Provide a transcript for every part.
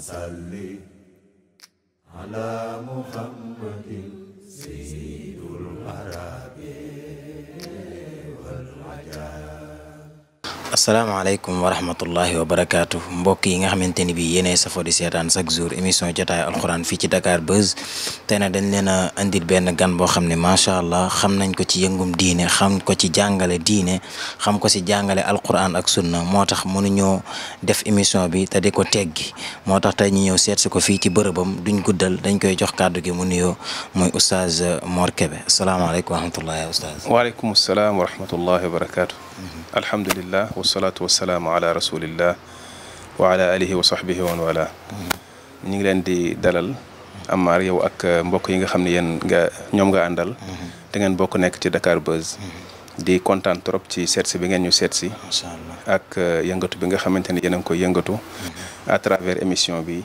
salli ala muhammadin sayyidul asalaamaaleykum wa rahmatullahi wa barakaatu mbokk yi nga xamante ni bi yéenay safo di seetaan chaque jour émission jotaay alxuraan fii ci Dakar Buzz te na dañ leen a indil benn gan boo xam ne macha allah xam nañ ko ci yëngum diine xam ko ci jàngale diine xam ko ci jàngale alxuraan ak sunna moo tax mënuñoo def émission bi te di ko teggi moo tax tey ñu ñëw seet si ko fii ci bërëbam duñ guddal dañ koy jox kàddu gi mu nuyoo mooy oustaz Mor Kébé asalaamaaleykum wa rahmatullahi oustaz waaleykum salaam wa Mhm. alhamdulillah wasalaatu wasalaamu ala rasulillah wa ala alihi wa sahbihi wa wala mhm. ñu ngi leen di dalal Amar yow ak uh, mbokk yi nga xam ne yéen nga ñoom nga àndal mhm. te ngeen bokk nekk ci Dakar Buzz di kontaan trop ci seetsi bi ngeen ñu seetsi ak uh, yëngatu bi nga xamante ni yéen a ngi koy yëngatu à travers émission bi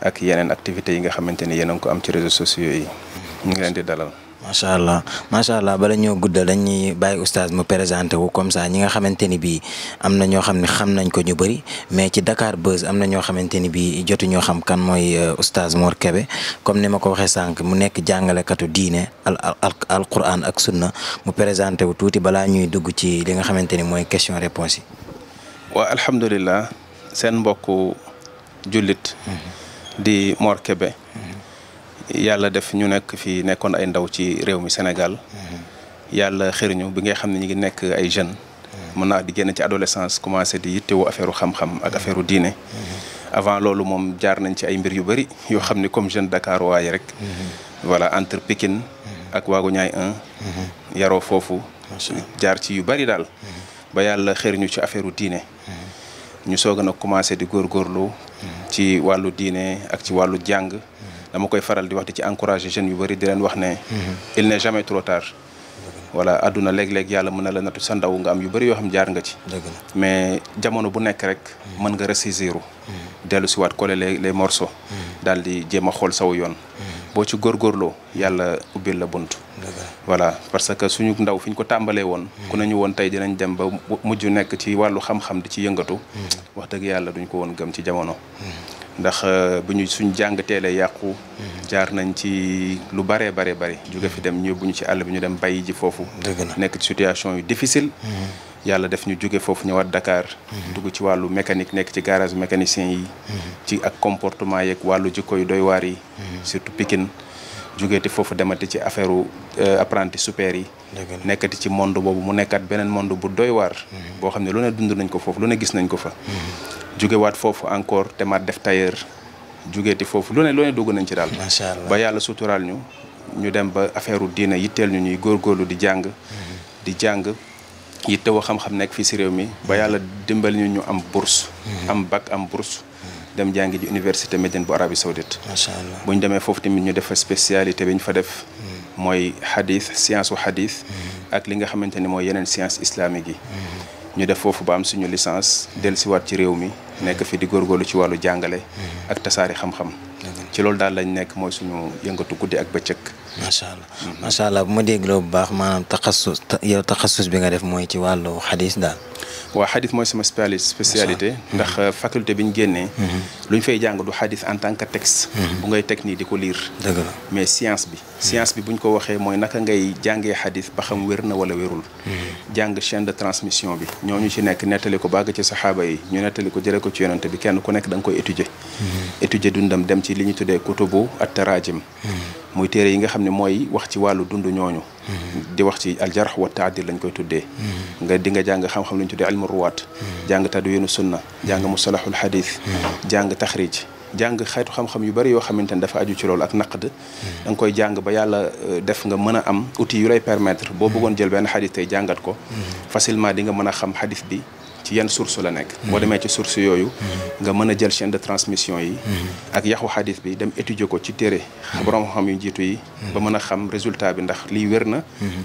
ak yeneen activité yi nga xamante ni yéen a ngi ko am ci réseaux sociaux yi ñu ngi leen di dalal macha allah macha allah bala ñoo guddal dañuy bàyyi oustaz mu présenté wu comme ça ñi nga xamante ni bii am na ñoo xam ne xam nañ ko ñu bëri mais ci Dakar Buzz am na ñoo xamante ni bii jotu ñoo xam kan mooy euh, oustaz Mor kebe comme ni ma ko waxee sànq mu nekk jàngalekatu diine al al alquran ak sunna mu présenté wu tuuti balaa ñuy dugg ci li nga xamante ni mooy question réponse yi. waa alhamdulilah seen mbokku jullit. Mm-hmm. di Mor Kébé yàlla def ñu nekk fi nekkoon ay ndaw ci réew mi Sénégal mm-hmm. yàlla xëriñu bi nga xam ne ñu ngi nekk ay jeunes. Mm-hmm. mën naa di génn ci adolescence commencé di yittewoo affaire xam-xam ak mm-hmm. affaire diine. avant loolu moom jaar nañ ci ay mbir yu bëri yoo xam ne comme jeune Dakar waaye rek. voilà entre Pikine ak waagu ñaay foofu. jaar ci yu bëri daal. yàlla xëriñu ci affaire diine. ñu soog a commencé di góorgóorlu. ci wàllu diine ak ci wàllu jàng. dama koy faral di wax ci encourager jeunes yu bëri di leen wax ne. Mhm. il n'est jamais trop tard. voilà àdduna léeg-léeg yàlla mën na la nattu sa ndaw nga am yu bëri yoo xam jaar nga ci. mais jamono bu nekk rek. Mhm. mën nga ressaisiru. Mhm. dellu si waat coller les morso morceaux. daal di jéem a xool saw yoon. boo ci góorgóorloo yàlla ubbil la bunt. voilà parce que suñu ndaw fi ñu ko tàmbalee woon. ku ñu woon tey dinañ dem ba mujj nekk ci wàllu xam-xam di ci yëngatu. wax dëgg yàlla duñ ko woon gëm ci jamono. ndax euh, bu ñu suñ jàng teelee yàqu jaar nañ ci lu bare bare bare jóge fi dem ñu bu ñu ci àll bi ñu dem bàyyi ji foofu nekk ci situation yi difficile mm-hmm. yàlla def ñu jóge foofu ñëwaat Dakar mm-hmm. dugg ci wàllu mécanique nekk ci garage mécanicien yi mm-hmm. ci ak comportement yeeg wàllu jikko yu doy waar yi surtout Pikine jógeeti foofu demati ci affaire euh, apprenti super yi nekkati ci monde boobu mu nekkat beneen monde bu doy waar boo xam ne lu ne dund nañ ko foofu lu ne gis nañ ko fa jógewaat foofu encore te ma def tailleur jógeeti foofu lu ne dugg nañ ci daal. macha allah ba yàlla suturaal ñu ñu dem ba affaire diina yitteel ñu ñuy góor góorlu di jàng. Mhm. di jàng yittewoo xam-xam nekk fii si réew mi ba yàlla dimbali ñu ñu am bourse. Mhm. am bac am bourse. Mhm. dem jàngi ji université Médine bu Arabie Saoudite. macha allah bu ñu demee foofu tamit ñu def spécialité bi ñu fa def. mooy hadith science wu hadith. ak li nga xamante ne mooy yeneen science islamique yi. ñu def foofu ba am suñu licence dellusiwaat ci réew mi nekk fi di góorgóorlu ci wàllu jàngale mhm. ak tasaari xam-xam ci loolu daal lañ nekk mooy suñu yëngatu guddi ak bëccëg macha allah mhm. macha allah bu ma dégloo bu baax maanaam taxassus yow taxassus bi nga def mooy ci wàllu xadis daal waaw xadis mooy sama spécialité ndax euh, faculté bi ñu génnee mhm. lu ñu fay jàng du xadis en tant que texte mhm. bu ngay teg nii di ko lire dëgg la mais science bi mhm. science bi bu ñu ko waxee mooy naka ngay jàngee xadis ba xam wér na wala wérul jàng chaîne de transmission bi ñoo ñu ci nekk nettali ko bàgg ci saxaaba yi ñu nettali ko jële ko ci yonante bi kenn ku nekk danga nga koy étudier étudier dundam dem ci li ñu tuddee kutubu at tarajim muy téere yi nga xam ne mooy wax ci wàllu dundu ñooñu mm-hmm. di wax ci aljarx wa taadil lañ koy tuddee mm-hmm. nga di nga jàng xam-xam lañ tuddee ilmu ruwaat mm-hmm. jàng tadwinu sunna jàng musalahul hadith jàng taxrij jàng xeetu xam-xam yu bari yoo xamante ne dafa aju ci loolu ak naq da nga koy jàng ba yàlla euh, def nga mën a am outil yu lay permettre boo bëggoon jël benn xadis tey jàngat ko facilement di nga mën a xam xadis bi ci yan source la nekk boo demee ci source yooyu nga mën a jël chaîne de transmission yi ak yaxu xadis bi dem étudier ko ci téere borom xam yu jiitu yi ba mën a xam résultat bi ndax lii wér na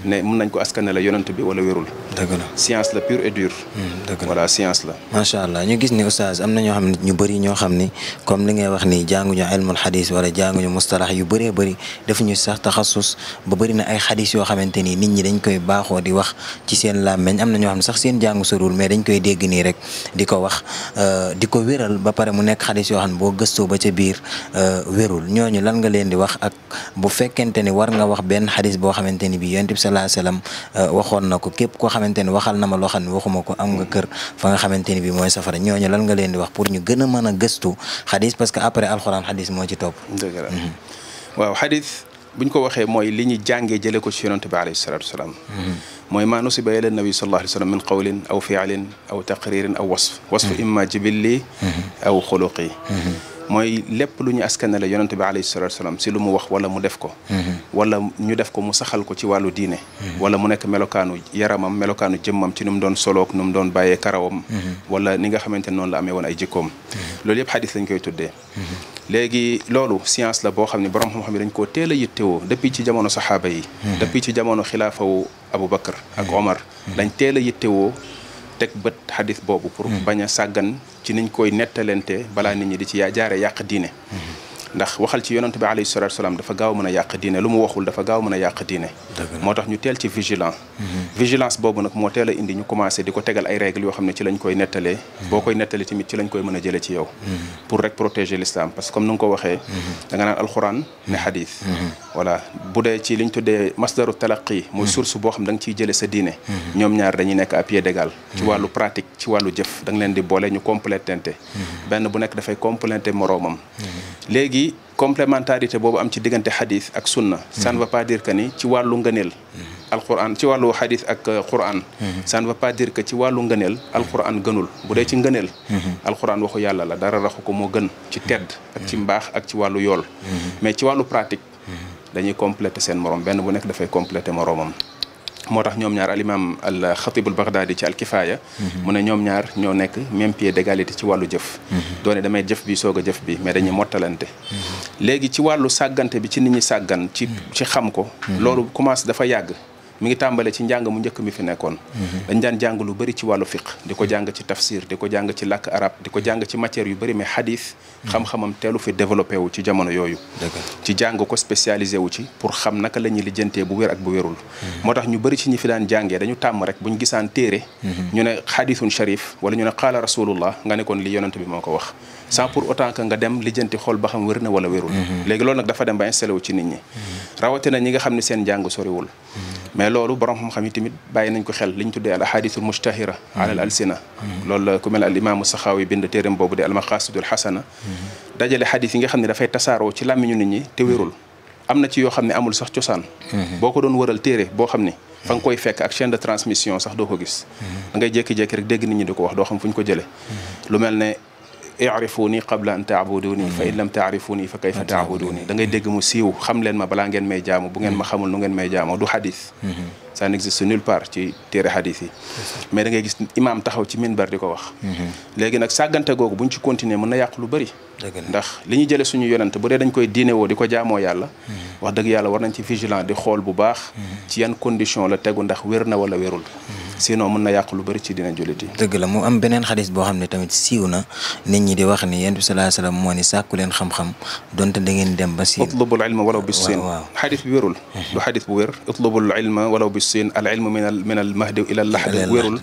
ne mën nañ ko askane la yonent bi wala wérul dëgg la science la pure hmm, dëgg la voilà science la macha allah ñu gis ni oustaz am na ñoo xam ne ñu bëri ñoo xam ni comme li ngay wax ni jànguñu ilmul xadis wala jànguñu mustalax yu bëree bëri ñu sax taxasus ba bëri na ay xadis yoo xamante ni nit ñi dañ koy baaxoo di wax ci seen làmmeñ am na ñoo xam ne sax seen mais dañ koy dégg nii rek di ko wax euh, di ko wéral ba pare mu nekk xadis yoo xam ne boo gëstoo ba ca biir euh, wérul ñooñu lan nga leen di wax ak bu fekkente ni war nga wax benn xadis boo xamante ni bii yonent bi sallallahu alayhi wasallam euh, waxoon na ko képp koo xamante ni waxal na ma loo xam ne waxuma ko am nga kër fa nga xamante bii mooy safara ñooñu lan nga leen di wax pour ñu gën a mën a gëstu xadis parce que après alxuraan xadis moo ci topp. dëgg la mhm. waaw xadis bu ñu ko waxee mooy li ñu jàngee jëlee ko ci yonent bi alayhi salaatu wasalaam mooy maa nusiba ila nabi sallallahu alayhi wasallam min qawlin aw fi'lin aw taqririn aw wasf wasf imma jibilli aw xuluqi mooy lépp lu ñu askanale yonente bi alayhi salatu salaam si lu mu wax wala mu def ko wala ñu def ko mu saxal ko ci wàllu diine wala mu nekk melokaanu yaramam melokaanu jëmmam ci nu mu doon soloog nu mu doon bàyyee karawam wala ni nga xamante ne noonu la amee woon ay jikkoom loolu yëpp xadis lañ koy tuddee léegi loolu science la boo xam ne borom xam-xam yi dañ koo teel a yittewoo depuis ci jamono saxaaba yi depuis ci jamono xilaafawu Aboubacar ak Omar dañ teel a yittewoo teg bët xadis boobu pour hmm. bañ a sàggan ci niñ koy nettalente balaa ni ñi di ci jaare yàq diine hmm. ndax waxal ci yonent bi alayhi salaam dafa gaaw mën a yàq diine lu mu waxul dafa gaaw mën a yàq diine moo tax ñu teel ci vigilant mhm. vigilance boobu nag moo teel a indi ñu commencé di ko tegal ay règles yoo xam ne ci lañ koy nettalee mhm. boo koy nettalee tamit ci lañ koy mën a jëlee ci yow mhm. pour rek protéger l'islam parce que comme ni ko waxee da nga alxuraan ne xadis voilà bu dee ci liñ tuddee masdaru talaqi mooy source boo xam da nga ciy jëlee sa diine ñoom ñaar dañuy nekk à pied d'égal ci wàllu pratique ci wàllu jëf da leen di boole ñu complétente benn bu nekk dafay complété moroomam léegi complémentarité boobu am ci diggante xadis ak sunna ça ne veut pas dire que ni ci wàllu ngëneel alquran ci wàllu xadis ak euh, quran ça ne veut pas dire que ci wàllu ngëneel alquran gënul bu dee ci ngëneel alquran waxu yàlla la dara raxu ko moo gën ci tedd ak ci mbaax ak ci wàllu yool mais ci wàllu pratique dañuy compléter seen morom benn bu nekk dafay compléter moromam moo tax ñoom ñaar aliment al xatibul baghdadi ci alkifaaya mhm. mu ne ñoom ñaar ñoo nekk même pied d'égalité ci wàllu jëf mhm. doone damay jëf bi soog a jëf bi mais dañuy mottalante mhm. léegi ci wàllu sàggante bi ci nit ñi sàggan ci ci xam ko loolu commence dafa yàgg mi ngi tàmbale ci njàng mu njëkk mi fi nekkoon mhm. dañ daan jàng lu bëri ci wàllu fiq di ko mhm. jàng ci tafsir di ko jàng ci làkk arab di ko jàng ci matière yu bëri mais xadis mhm. xam-xamam teelu fi développé wu ci jamono yooyu ci jàng ko spécialisé wu ci pour xam naka la ñuy lijjantee bu wér ak bu wérul moo tax ñu bëri ci ñi fi daan jàngee dañu tàmm rek buñ gisaan téere ñu ne xadisun sharif wala ñu ne qaala rasulullah nga nekkoon li yonent bi moo ko wax sans pour autant que nga dem lijjanti xool ba xam wér na wala wérul mhm. léegi loolu nag dafa dem ba installé wu ci nit ñi mhm. rawatina ñi nga xam ne seen njàng soriwul mhm. mais loolu borom xam-xam yi tamit bàyyi nañ ko xel li ñu tuddee al ahadithul mustahira alal alsina loolu la ku mel al imaamu saxaawi bind téeram boobu de al maqasidul xasana dajale xadis yi nga xam ne dafay tasaaroo ci làmmiñu nit ñi te wérul am na ci yoo xam ne amul sax cosaan boo ko doon wëral téere boo xam ne fa nga koy fekk ak chaîne de transmission sax doo ko gis da ngay jékki-jékki rek dégg nit ñi di ko wax doo xam fu ñu ko jëlee lu mel irifuni qabla an taabuduni fa in lam taarifuni fa kayfa taabuduni da ngay dégg mu siiw xam leen ma balaa ngeen may jaamu bu ngeen ma xamul nu ngeen may jaamoo du xadis mm-hmm. ça n'existe nulle part ci téere xadis yi mais ngay gis imaam taxaw ci minbar di ko wax mm-hmm. léegi nag sàggante googu buñ ci continuer mën na yàq lu bëri ndax li ñu jëlee suñu yonent bu dee dañ koy diine woo di ko jaamoo yàlla mhm. wax dëgg yàlla war nañ ci vigilant di xool bu baax mhm. ci yan condition la tegu ndax wér na wala wérul mhm. sinon mën na yàq lu bëri ci dina jullit yi dëgg la mu am beneen xadis boo xam ne tamit siiw na nit ñi di wax ni yonent bi sallallahu alayhi moo ni sàkku leen xam-xam donte da ngeen dem ba siin utlubul ilma walaw bi siin waaw xadis bi wérul du xadis bu wér utlubul ilma walaw bi siin al ilmu min al min al mahdi ila al lahdi wérul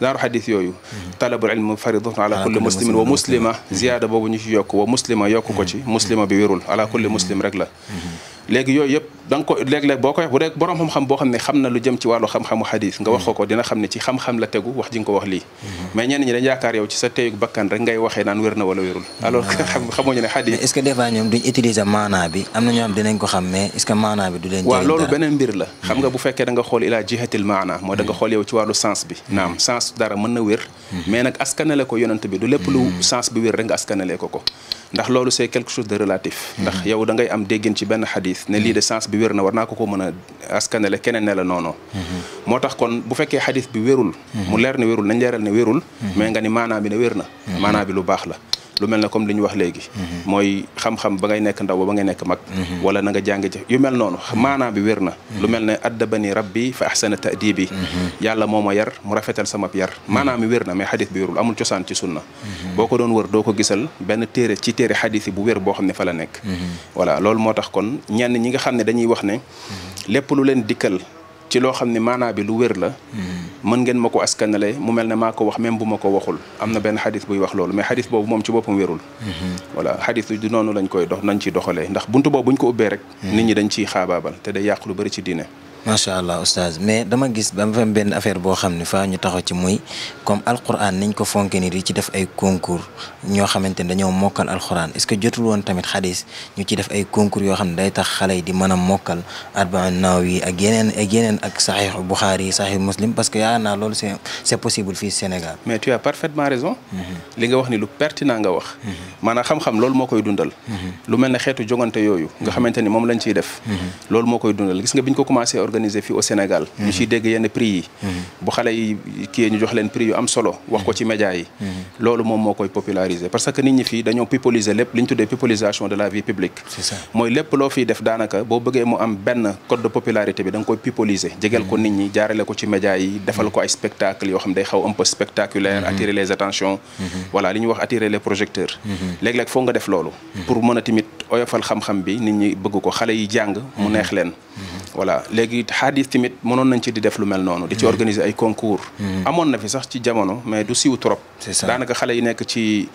daaru xadis yooyu mhm. talabul ilm faridatun ala kulli muslimin wa muslima mhm. ziyaada boobu ñu ci yokk wa muslima yokk ko ci mhm. muslima bi wérul ala kulli muslim rek la léegi yooyu yëpp da nga ko léeg-léeg boo koy bu dee borom xam-xam boo xam ne xam na lu jëm ci wàllu xam-xamu xadis nga wax ko ko dina xam ne ci xam-xam la tegu wax ji nga ko wax lii mhm. mais ñenn ñi dañ yaakaar yow ci waxee na wala wérul mhm. alors que xamuñu ne xadis est bi am na ñoo xam dinañ ko xam mais est-ce bi du leen waaw loolu beneen mbir la xam nga mhm. bu fekkee da nga xool ilaa jihatil maana mooy da nga xool yow ci wàllu sens bi naam sens dara mën na wér mais nag askanale ko yonent bi du lépp lu sens bi wér rek nga askanale ko ko ndax loolu c'est quelque chose de relatif. ndax hmm. yow da ngay am déggin ci benn xadis ne lii de hmm. sens bi wér na war naa ko ko mën a askanale keneen ne la noonu. Hmm. moo tax kon bu fekkee xadis bi wérul. mu leer ne wérul nañ leeral ne wérul. mais nga ni maanaam bi ne wér na. maanaam bi lu baax la. lu mel ne comme li ñu wax léegi mhm. mooy xam-xam ba ngay nekk ndaw ba ba ngay nekk mag mhm. wala na nga jàng ci yu mel noonu mhm. maanaam bi wér na lu mel ne addabani rabbi fa ahsana ta'dibi yàlla moo ma yar mu rafetal sama yar maanaam bi wér na mais xadis bi wérul amul cosaan ci sunna boo ko doon wër doo ko gisal benn téere ci téere xadis bu wér boo xam ne fa la nekk voilà loolu moo tax kon ñenn ñi nga xam ne dañuy wax ne lépp lu leen dikkal ci loo xam ne maanaa bi lu wér la mm-hmm. mën ngeen ma ko askanale mu mel ne maa ko wax même bu ma ko waxul am na benn xadis buy wax loolu mais xadis boobu moom ci boppam wérul mm-hmm. voilà xadis du noonu lañ koy dox nañ ciy doxalee ndax buntu boobu buñ ko ubbee rek mm-hmm. nit ñi dañ ciy xaabaabal te day yàq lu bari ci diine macha allah oustaz mais dama gis ba fa benn affaire boo xam ne faa ñu taxaw ci muy comme alquran niñ ko fonke ni di ci def ay concours ñoo xamante ne dañoo mokkal alquran est-ce que jotul woon tamit xadis ñu ci def ay concours yoo xam ne day tax xale yi di mën a mokkal arbaan nawawi ak yeneen ak yeneen ak saxiix buxaari yi saxiix muslim parce que yaa na loolu c'est c'est possible fii Sénégal. mais tu as parfaitement raison. Mm-hmm. li nga wax ni lu pertinent nga wax. Mm-hmm. maanaam xam-xam loolu moo koy dundal. Mm-hmm. lu mel ne xeetu jongante yooyu nga xamante ni moom lañ ciy def. organiser fii au Sénégal mhm. ñu ciy dégg yenn prix yi mhm. bu xale yi kii ñu jox leen prix yu am solo wax ko ci mhm. que nit ñi fii dañoo populiser lépp li mooy lépp loo fiy def daanaka boo bëggee mu am benn code de popularité bi da nga koy populiser jegeel ko nit ñi jaarale ko ci média yi defal ko ay spectacle yoo xam day xaw un peu spectaculaire attirer les attentions voilà li ñuy wax attirer les projecteurs léeg-léeg foo nga def loolu pour mën a tamit oyofal xam-xam bi nit ñi bëgg ko xale yi jàng mu neex leen voilà léegi léegi xaadis tamit mënoon nañ ci di def lu mel noonu di ci mm. organiser ay concours mm. amoon na fi sax ci jamono mais du siiw trop daanaka xale yi nekk ci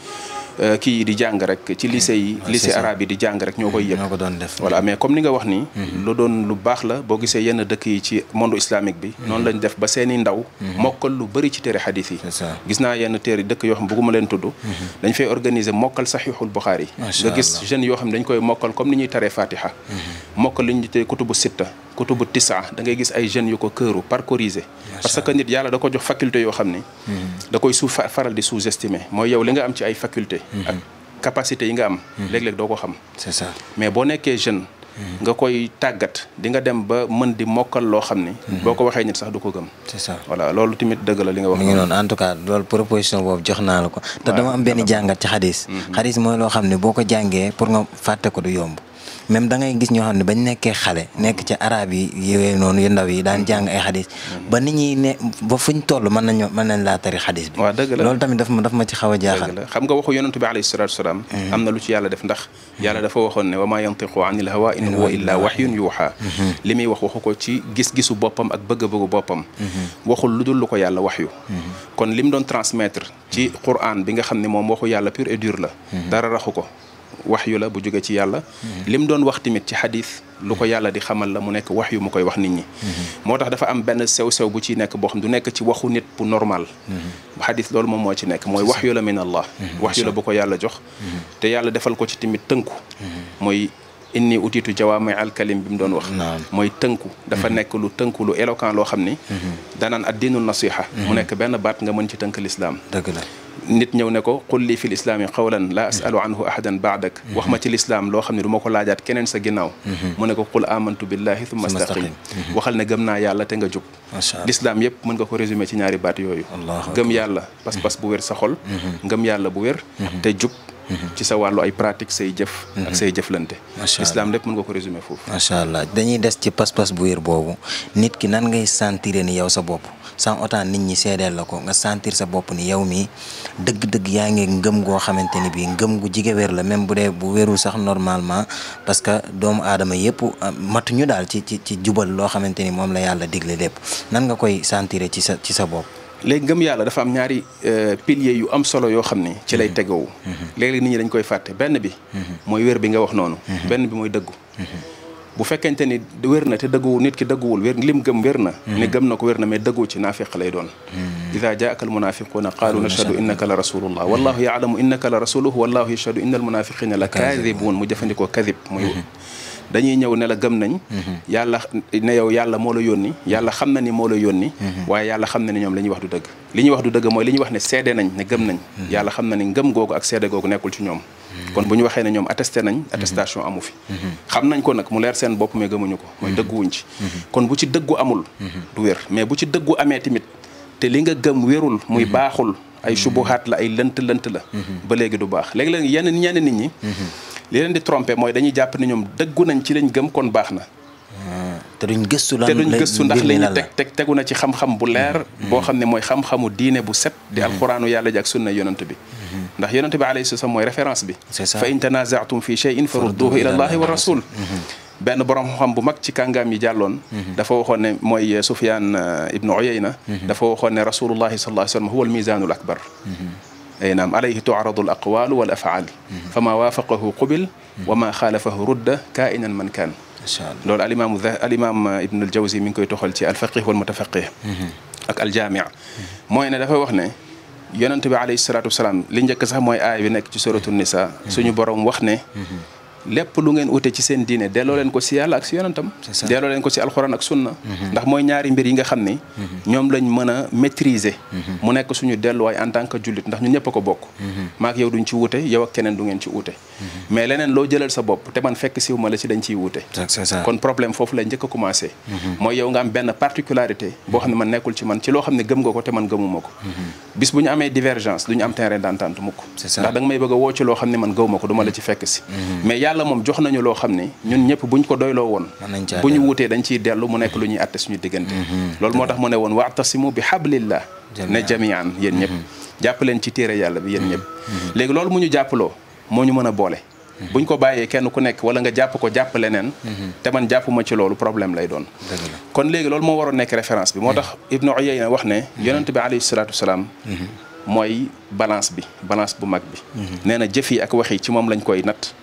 euh, kii yi di jàng rek ci lycée yi lycée arabe yi di jàng rek ñoo koy mm, yëg ñoo ko doon def voilà mais comme ni nga wax nii mm-hmm. lu doon lu baax la boo gisee yenn dëkk yi ci monde islamique bi mm-hmm. noonu lañ def ba seeni ndaw mm-hmm. mokkal lu bari ci téere xadis yi gis naa yenn téere dëkk yoo xam bëgguma leen tudd dañ fay organiser mokkal saxiixul Buxaari nga gis jeunes yoo xam ne dañ koy mokkal comme ni ñuy taree fatiha mokkal li kutubu tisa da ngay gis ay jeunes yu ko këru parcouriser parce que nit yàlla da ko jox faculté yoo xam ni hmm. da koy suuf faral di sous-estimer mooy yow li nga am ci ay faculté hmm. ak capacité yi nga am hmm. léeg-léeg doo ko xam c'est mais boo nekkee jeune nga koy tàggat di nga dem ba mën di mokkal loo xam ni. boo ko waxee nit sax du ko gëm. c'est ça voilà loolu tamit dëgg nga wax. mi noonu en tout cas loolu proposition boobu jox na la ko. te dama am benn jàngat ci xadis. xadis xam ne boo ko jàngee pour nga fàtte ko du yomb. même da ngay gis ñoo xam ne bañ nekkee xale nekk ci arab yi noonu yu ndaw yi daan mm. jàng ay xadis ba ni ñi ne ba fuñ toll mën nañu mën nañ laa tari xadis bi waaw dëgg la loolu tamit daf ma daf ma ci xaw a jaaxal xam nga waxu yonentu bi alayhi salatu wasalaam mm. am na lu ci yàlla def ndax yàlla dafa waxoon ne wa maa yantiqu anil hawa in huwa illa mm-hmm. li muy wax waxu ko ci gis-gisu boppam ak bëgg-bëggu boppam mm-hmm. waxul lu dul lu ko yàlla waxyu mm-hmm. kon li mu doon transmettre ci quran bi nga xam ne moom waxu yàlla pur et la dara raxu ko wax yu la bu jógee ci yàlla li mu doon wax tamit ci xadis lu ko yàlla di xamal la mu nekk wax yu mu koy wax nit ñi moo tax dafa am benn sew-sew bu ci nekk boo xam du nekk ci waxu nit bu normal xadis loolu moom moo ci nekk mooy wax yu la min allah wax yu la bu ko yàlla jox te yàlla defal ko ci tamit tënku mooy inni utitu jawaami alkalim bi mu doon wax mooy tënku dafa nekk lu tënku lu éloquent loo xam ni mhm. danaan ad diinu nasiha mu mhm. nekk benn baat nga mën ci tënk lislaam dëgg nit ñëw ne ko qul li fi qawlan la asalu anhu ahadan baadak mhm. wax ma ci lislaam loo xam ne du ko laajaat keneen sa ginnaaw mhm. mu ne ko qul amantu billahi thumma astaqim mhm. waxal ne gëm naa yàlla te nga jub lislaam yëpp mën nga ko résumer ci ñaari baat yooyu gëm yàlla pas-pas bu wér sa xol ngëm yàlla bu wér te jub ci sa wàllu ay pratique say jëf. ak say jëflante. macha allah islam lépp mën nga ko résumer foofu. macha allah dañuy des ci pas-pas bu wér boobu nit ki nan ngay sentir ni yow sa bopp sans autant nit ñi seedeel la ko nga sentir sa bopp ni yow mii dëgg-dëgg yaa ngi ngëm goo xamante ni bii ngëm gu jige la même bu dee bu wérul sax normalement parce que doomu aadama yëpp ah, matuñu daal ci ci ci jubal loo xamante ni moom la yàlla digle lépp nan nga koy sentir ci sa ci sa bopp. léegi ngëm yàlla dafa am ñaari euh, piliers yu am solo yoo xam ni ci lay mm-hmm. tegowu mm-hmm. léeg-léeg nit ñi dañ koy fàtte benn bi mm-hmm. mooy weer bi nga wax noonu benn bi mooy dëggu bu fekkente ni wér na te dëgguwul nit ki dëgguwul wér lim gëm wér na ni gëm na ko wér na mais dëggu ci naafiq lay doon ida jaaka almunafiquuna qaalu nashhadu innaka la rasulullah wallahu yaalamu innaka la rasuluhu wallahu yashhadu inna almunafiqina la kaadibuun mu jëfandikoo kadib muy dañuy ñëw ne la gëm nañ mhm. yàlla ne yow yàlla moo la yónni mhm. yàlla xam na ni moo la yónni mhm. waaye yàlla xam na ni ñoom li ñuy wax du dëgg li ñuy wax du dëgg mooy li ñuy wax ne seede nañ ne gëm nañ yàlla xam na ni ngëm googu ak seede googu nekkul ci ñoom kon bu ñu waxee ne ñoom attesté nañ attestation amu fi xam nañ ko nag mu leer seen bopp mais gëmuñu ko mooy dëgguwuñ ci kon bu ci dëggu amul du wér mais bu ci dëggu amee tamit te li nga gëm wérul muy baaxul ay subuhaat la ay lënt lënt la ba léegi du baax léegi-léegi yenn ñenn nit ñi li leen di tromper mooy dañuy jàpp ne ñoom dëggu nañ ci lañ gëm kon baax na. te gëstu lan te duñ gëstu ndax li ñu teg teg tegu na ci xam-xam bu leer. Mm-hmm. boo xam ne mooy xam-xamu diine bu set. di mm-hmm. alxuraanu yàlla ji ak sunna yonent bi. Mm-hmm. ndax yonent bi alayhi salaam mooy référence bi. c'est ça fa in tanaza'tum fi shay'in farudduhu ila allahi wa rasul. benn borom xam bu mag ci kàngaam yi jàlloon. dafa waxoon ne mooy Sufyaan uh, ibnu Uyayna. dafa waxoon ne rasulullahi sallallahu alayhi wa sallam huwa al mizaanul akbar ay naam alayhi tuaradu al aqwaal wal afaal fa maa waafaqahu qubil wa maa xaalafahu rudda kaa inan man kaan lool alimaamu alimaam ibnu al jawzi mi ngi koy toxal ci alfaqih wal mutafaqih ak aljaamia mooy ne dafa wax ne yonent bi alayhi salaatu wasalaam li njëkk sax mooy bi nekk ci suratu nisa suñu borom wax ne lépp lu ngeen ute ci seen diine delloo leen ko si yàlla ak si yonentam alxuraan ak sunna mm-hmm. ndax mooy ñaari mbir yi nga xam ni mm-hmm. ñoom lañ mën a maîtriser mm-hmm. mu nekk suñu delluwaay en tant que jullit ndax ñun ñëpp ko bokk maak yow duñ ci wute yow keneen du ngeen ci wute mais leneen loo jëlal sa bopp te man fekk siw ma la si dañ ciy wute kon problème foofu la njëkk a commencé mooy yow nga am benn particularité boo xam ne man nekkul ci man ci loo xam ne gëm nga ko te man gëmuma ko bis bu ñu amee divergence du woo ci loo xam ne man gëwuma ko duma la ci fekk yàlla jox nañu loo xam ni ñun ñëpp buñ ko doyloo woon bu ñu wutee dañ ciy dellu mu nekk lu ñuy àtte suñu diggante mm-hmm. loolu moo tax mu ne woon wa'tasimu bi hablillah ne jamian yéen ñëpp mm-hmm. jàpp leen ci téere yàlla bi yéen mm-hmm. ñëpp léegi loolu mu ñu jàppaloo moo ñu mën a boole buñ ko bàyyee kenn ku nekk wala nga jàpp ko jàpp leneen te man jàppuma ci loolu problème lay doon kon léegi loolu moo waroon nekk référence bi moo tax Ibnu Uyayna wax ne yonent bi alayhi mooy balance bi balance bu mag bi nee na jëf yi ak waxi ci moom lañ koy nat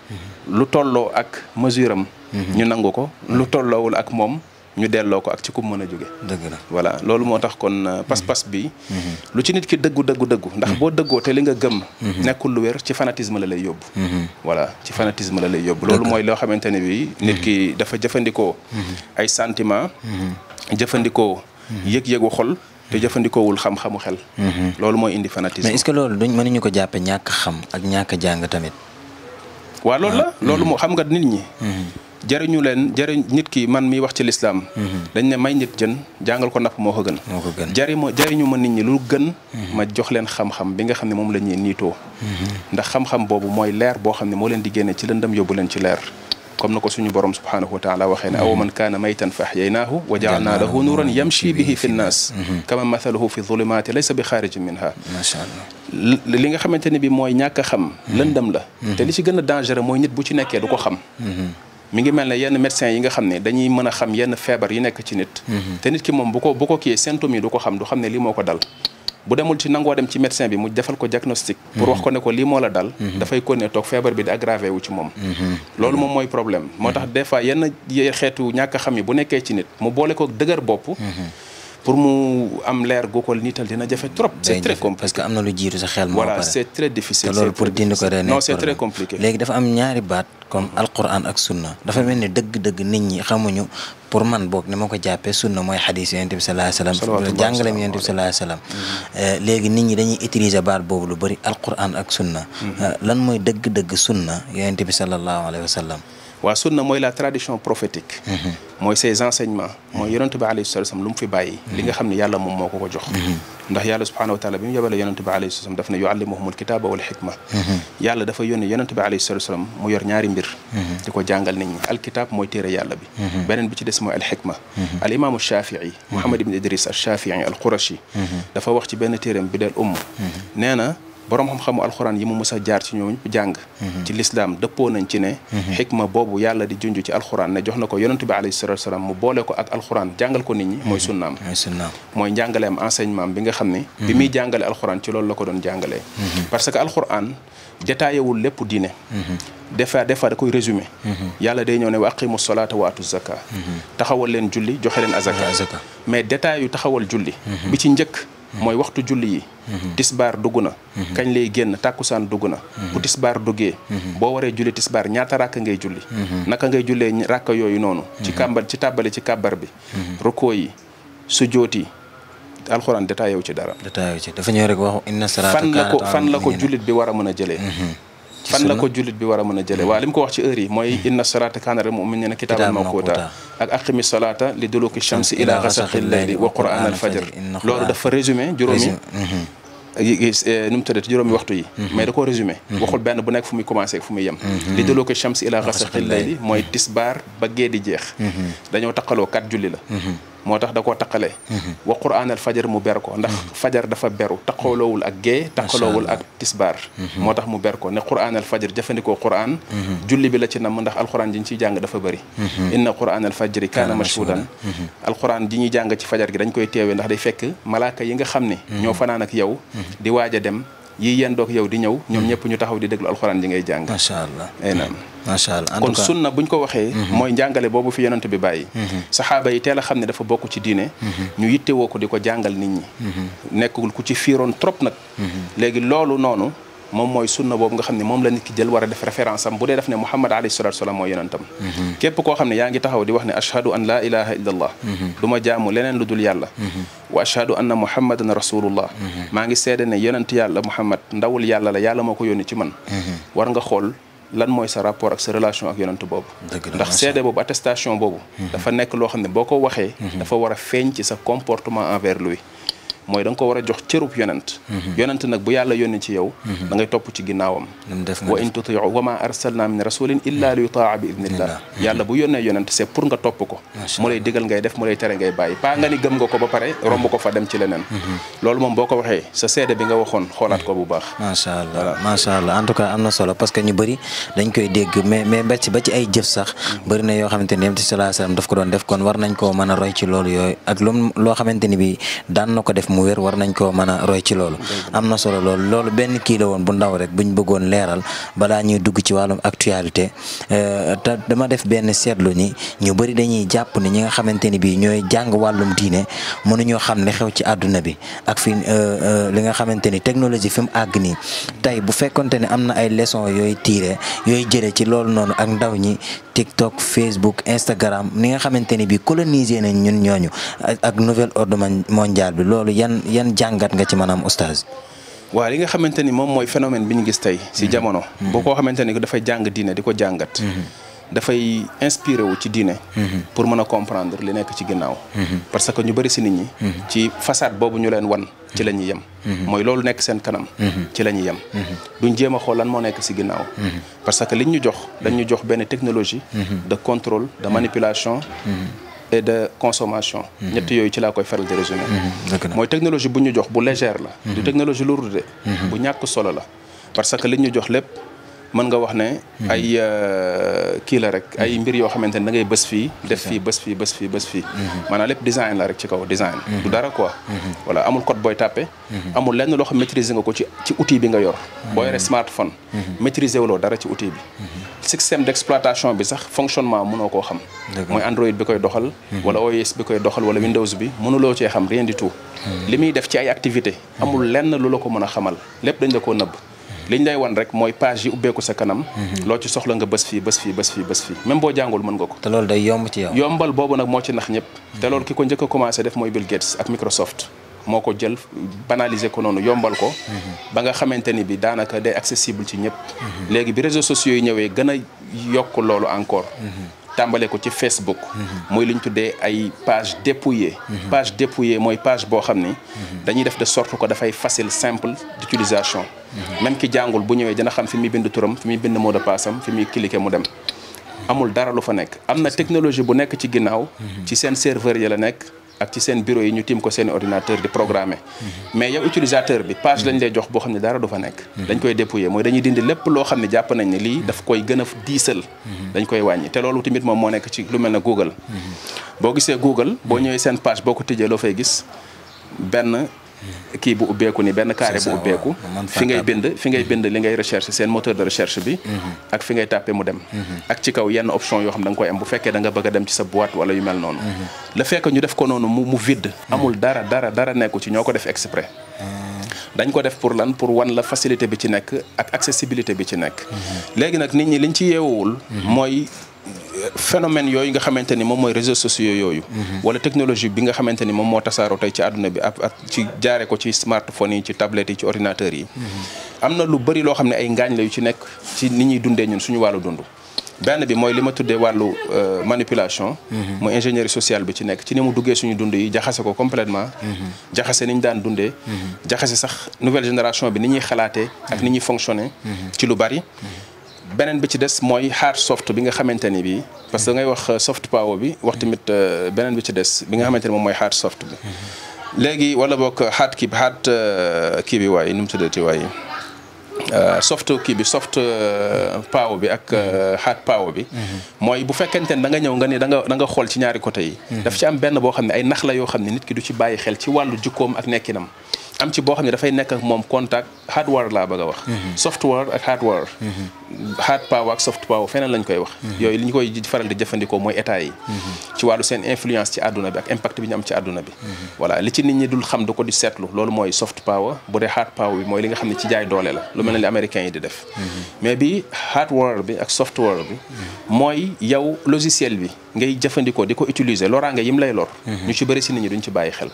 lu tolloo ak mesure am ñu nangu ko lu tolloowul ak moom ñu delloo ko ak ci ku mën a jóge dëgg la voilà loolu moo tax kon euh, pas-pas bi lu ci nit ki dëggu dëggu dëggu ndax boo dëggoo te li nga gëm nekkul lu wér ci fanatisme la lay yóbbu voilà ci fanatisme la lay yóbbu loolu mooy loo xamante ne bi nit ki dafa jëfandikoo ay sentiment jëfandikoo yëg-yëgu xol te jëfandikoowul xam-xamu xel. Mhm. loolu mooy indi fanatisme. mais est-ce que loolu duñ ko jàppe ñàkk xam ak ñàkk jàng tamit. waaw loolu la mhm. loolu moo xam nga nit ñi. Mhm. jariñu leen jëriñ nit ki man miy wax ci lislaam dañ ne may nit jën jàngal ko napp moo ko gën. moo ko gën jëri ma jëriñu ma nit ñi lu gën. ma jox leen xam-xam bi nga xam ne moom la ñuy niitoo. ndax xam-xam boobu mooy leer boo xam ne moo leen di génne ci dam yóbbu leen ci leer. comme na ko suñu borom subhaanahu wa taala waxee ne aw man kaana maytan fa axyaynaahu wa jaalnaa lahu nuuran yamshi bihi fi nnaas mhm. kama mathaluhu fi zulumaati laysa bi xaarijin minha macha li nga xamante ne bi mooy ñàkk a xam mhm. lëndam la mhm. te li ci gën a dangereux mooy nit bu ci nekkee du ko xam mi ngi mel ne yenn médecin yi nga xam ne dañuy mën a xam yenn feebar yi nekk ci nit te nit ki moom bu ko bu ko kiyee symptômes yi du ko xam du xam ne lii moo ko dal bu demul ci nangoo dem ci médecin bi mu defal ko diagnostic pour wax ko ne ko lii moo la dal mhm. dafay continuer toog feebar bi di aggravé wu ci moom mhm. loolu moom mooy problème moo tax mhm. des fois yenn xeetu ñàkk xam yi bu nekkee ci nit mu boole ko dëgër bopp pour mu am leer goo ko niital dina jafe trop. c'est très parce que am na lu jiitu sa xel. moo pare voilà loolu pour dindi ko ren non léegi dafa am ñaari baat comme alquran ak sunna dafa mel ni dëgg-dëgg nit ñi xamuñu pour man boog ni ma ko jàppee sunna mooy xadis yonent bi sallallahu alayhi wasallam jàngaleem yonent bi sallallahu alayhi wasallam eh, léegi nit ñi dañuy utiliser baat boobu lu bari alquran ak sunna mm-hmm. eh, lan mooy dëgg-dëgg sunna yonent bi sallallahu alayhi wasallam waa sunna mooy la tradition prophétique mhm. mooy ses enseignements mooy mhm. yonent bi alayhi salatu wasallam lu mu fi bàyyi mhm. li nga xam ne yàlla moom moo ko ko jox ndax yàlla subhanahu wa taala bi mu yebale yonent bi alayhi salatu wasallam daf ne yuallimuhumul kitaaba wal hikma yàlla dafa yónni yonent bi alayhi salatu wasallam mu yor ñaari mbir di ko jàngal nit ñi mooy téere yàlla bi beneen bi ci des mooy al hikma al muhammad ibn idris al shafii dafa wax ci benn bi del umm nee borom xam-xamu alxuraan yi mu mës a jaar ci ñooñu jàng mhm. ci lislaam dëppoo nañ ci ne mhm. xikma boobu yàlla di junj ci alxuraan ne jox na ko yonentu bi alayhi salatu wasalaam mu ko ak alxuraan jàngal mhm. mooy sunnaam mooy njàngaleem enseignement bi nga xam ne bi muy jàngale alxuraan ci loolu la ko doon jàngalee parce que alxuraan détaillewul lépp diine des fois des fois da koy résumé yàlla day ñëw ne wa aqimu solata wa atu zaka taxawal leen julli joxe leen ah, azaka mais détail yu taxawal julli bi ci njëkk mooy waxtu julli yi mhm. tisbaar dugg na mhm. kañ lay génn tàkkusaan dugg na mhm. bu tisbaar duggee boo waree julli tisbaar ñaata ràkk ngay julli naka ngay jullee ràkk yooyu noonu ci kàmbal ci tàbbale ci kàbbar bi rukkoo yi sujóot yi alxuraan détaillé wu ci dara détaillé wu ci dafa ñëw fan la ko fan jullit bi war a mën a jëlee fan la ko jullit bi war a mën a jële hmm. waaw li mu ko wax ci heure yi mooy hmm. inna salata kaana lil mu'minina kitaaban ak aqimi salata li duluki shamsi ila ghasaqi layli wa qur'an al fajr loolu dafa résumé juróomi hmm. eh, nu mu tuddati juróomi waxtu yi mais da koo résumé waxul benn bu nekk fu mu commencé fu mu yem li duloo ko shams ila xasaqil layli mooy tisbaar ba gee di jeex dañoo taqaloo kat julli la moo tax da koo taqale mhm. wa quraan al fajar mu ber ko ndax mhm. fajar dafa beru taqaloowul ak gée taqaloowul ak tisbaar mhm. moo tax mu ber ne quraan al fajar jëfandikoo quraan julli bi la ci nam ndax alquraan ji ñu ciy jàng dafa bari bëri inna quraan al fajri kaana mashhuudan alquraan ji ñuy jàng ci fajar gi dañ koy teewee ndax day fekk malaaka yi nga xam ne ñoo fanaan ak yow di waaja dem yi yéen doog yow di ñëw ñoom hmm. ñëpp ñu taxaw di déglu alxuraan ji ngay jàng. macha allah naam hmm. macha allah kon sunna buñ ko waxee. Hmm. mooy njàngale boobu fi yonent bi bàyyi. saxaaba yi teel a xam ne dafa bokk ci diine. ñu yittewoo ko di ko jàngal nit ñi. nekkul ku ci fiiroon trop nag. léegi loolu noonu. moom mooy sunna boob nga xam ne moom la nit ki jël war a def référence am bu dee def ne Muhammad alayhi salatu salaam mooy yonentam mhm. képp koo xam ne yaa ngi taxaw di wax ne ashhadu an laa ilaha illa allah mhm. du ma jaamu leneen lu dul yàlla mhm. wa ashhadu anna muhammadan rasulullah maa ngi seede ne yonent yàlla muhammad la yàlla moo ko yónni ci man war nga xool lan mooy sa rapport ak sa relation ak yonent boobu ndax seede boobu attestation boobu dafa nekk loo xam ne boo ko waxee dafa war a feeñ ci sa comportement envers lui mooy da ko war a jox cërub yonent mhm. yonent nag bu yàlla yónni ci yow mhm. da ngay topp ci ginnaawam wa in tutiu wa ma arsalna min rasulin illa li yutaa bi mhm. yonent c'est pour nga topp ko mu lay digal ngay def mu lay tere ngay bàyyi pas nga ni ko ba pare romb ko fa dem ci leneen lool moom boo ko waxee sa seede bi nga waxoon xoolaat ko bu baax macha allah macha allah en tout cas am na solo parce que ñu bëri dañ koy dégg mais mais ba ci ba ci ay jëf sax bëri na yoo xamante ni yonent sallallahu alayhi daf ko doon def kon war nañ koo mën a roy ci loolu yooyu ak ni bi daan na ko def mu wér war nañ koo mën a roy ci loolu am na solo loolu loolu benn kii la woon bu ndaw rek buñ bëggoon leeral balaa ñuy dugg ci wàllum actualité euh, te dama def benn seetlu ni ñu bëri dañuy jàpp ni ñi nga xamante ni bii ñooy jàng wàllum diine mënuñoo xam ne xew ci àdduna bi ak fi euh, euh, li nga xamante ni technologie fi mu àgg nii tey bu fekkonte ne am na ay leçons yooyu tiire yooyu jëlee ci loolu noonu ak ndaw ñi TikTok Facebook Instagram ni nga xamante ni bii coloniser nañ ñun ñooñu ak nouvelle ordre mondial bi loolu yan yan jàngat nga ci maanaam oustaz. waaw li nga xamante ni moom mooy phénomène bi ñu gis tey si mhm. jamono. Mhm. boo koo xamante ni dafay jàng diine di ko jàngat. Mhm. dafay inspiré wu ci diine. pour mën a comprendre li nekk ci ginnaaw. parce que ñu bëri si nit ñi. ci façade boobu ñu leen wan ci la ñuy yem. mooy loolu nekk seen kanam. ci la ñuy yem. duñ jéem a xool lan moo nekk si ginnaaw. parce que li ñu jox dañ jox benn technologie. de contrôle de manipulation. et de consommation. ñett yooyu ci laa koy faral di résumé. Mhm, mooy technologie bu ñu jox bu légère la. du mhm. technologie lourde. Mhm. bu ñàkk solo la parce que li ñu jox lépp. mën nga wax ne hmm. ay euh, kii la rek ay hmm. mbir yoo xamante ne da ngay bës fii def fii bës fii bës fii bës fii hmm. lépp design la rek ci kaw design du dara ko wala amul code booy tàppe amul lenn loo xam maîtriser nga ko ci ci outil bi nga yor boo yore smartphone maîtriser wuloo dara ci outil bi système d'exploitation bi sax fonctionnement mënoo koo xam mooy Android bi koy doxal wala OS bi koy doxal wala Windows bi mënuloo cee xam rien du tout li muy ci ay activité amul lenn lu la ko mën a xamal lépp dañ de koo nëbb liñ lay wan rek mooy page yi ubbeeku sa kanam mhm. loo ci soxla nga bës fii bës fii bës fii bës fii même boo jàngul mën nga ko te loolu day yomb ci yow yombal boobu nag moo ci nax ñëpp mhm. te loolu ki ko njëkk a commencé def mooy Bill Gates ak Microsoft moo ko jël banaliser ko noonu yombal ko mhm. ba nga xamante ni bi daanaka day accessible ci ñëpp léegi bi réseaux sociaux yi ñëwee gën a yokk loolu encore tàmbale ko ci Facebook. mooy li ñu tuddee ay page dépouillée. page dépouillée mooy page boo xam ni. dañuy def de sorte ko dafay facile simple d'utilisation. même ki jàngul bu ñëwee dana xam fi muy bind turam fi muy bind mot de passe am fi muy cliquer mu dem. amul dara lu fa nekk am na technologie bu nekk ci ginnaaw. Mhm. ci seen serveur yi la nekk. ak ci seen bureau yi ñu tiim ko seen ordinateur di programmer mhm. mais yow utilisateur bi page lañ lay jox boo xam ne dara du fa nekk mhm. dañ koy dépouiller mooy dañuy dindi lépp loo xam ne jàpp nañ ne lii daf koy gën a diisal mhm. dañ koy wàññi te loolu tamit moom moo nekk ci lu mel na Google boo gisee Google boo ñëwee seen page boo ko tijjee loo fay gis benn kii bu ubbeeku ni benn carré bu ubbeeku fi ngay bind fi ngay mm-hmm. bind li ngay recherche seen moteur de recherche bi mm-hmm. ak fi ngay tàppee mu dem mm-hmm. ak ci kaw yenn option yoo xam da nga koy am bu fekkee danga nga bëgg a dem ci sa boîte wala yu mel noonu le fekk ñu def ko noonu mu mu vide amul dara dara dara nekku ci ñoo ko def exprès dañ ko def pour lan pour wan la facilité bi ci nekk ak accessibilité bi ci nekk léegi nag nit ñi liñ ci yeewuwul mooy phénomène yooyu nga xamante ni moom mooy réseaux sociaux yooyu. Mhm. wala technologie bi nga xamante ni moom moo tasaaroo tey ci àdduna bi ak ci jaare ko ci smartphone yi ci tablettes yi ci ordinateurs yi. Mhm. am na lu bëri loo xam ne ay ngaañ la yu ci nekk ci ni dundee ñun suñu wàllu dund. benn bi mooy li ma tuddee wàllu euh, manipulation. Mhm. mooy ingénierie sociale bi ci nekk ci ni mu duggee suñu dund yi jaxase ko complètement jaxase ni ñu daan dundee. jaxase sax nouvelle génération bi ni ñuy xalaatee. ak ni ñuy fonctionner. ci lu bari. beneen bi ci des mooy hard soft bi nga xamante ni bii parce que da ngay wax euh, soft power bi wax tamit euh, beneen bi ci des bi nga xamante ni moom mooy hard soft bi léegi wala boog hard kii bi hard euh, kii bi waaye nu mu tuddati waaye soft kii bi soft power bi ak hard power bi mooy bu fekkente ne da ñëw nga ni danga nga nga xool ci ñaari côté yi daf ci am benn boo xam ne ay nax la yoo xam ne nit ki du ci bàyyi xel ci wàllu jikkoom ak nekkinam am ci boo xam ne dafay nekk ak moom contact hardware laa bëgg a wax. Mhm. software ak hardware. hard mhm. ak soft power feneen lañ koy wax. Mhm. yooyu li ñu koy faral di jëfandikoo mooy état yi. ci wàllu seen influence ci àdduna bi ak bi ñu am ci àdduna bi. voilà li ci nit ñi dul xam du ko di seetlu loolu mooy soft power bu dee hard bi mooy li nga xam ne ci jaay doole la lu mel ne li américains yi def. mais bi hardware bi ak software bi. mooy yow logiciel bi ngay jëfandikoo di ko utiliser loraange yim lay lor. ñu ci bëri nit ñi duñ ci bàyyi xel.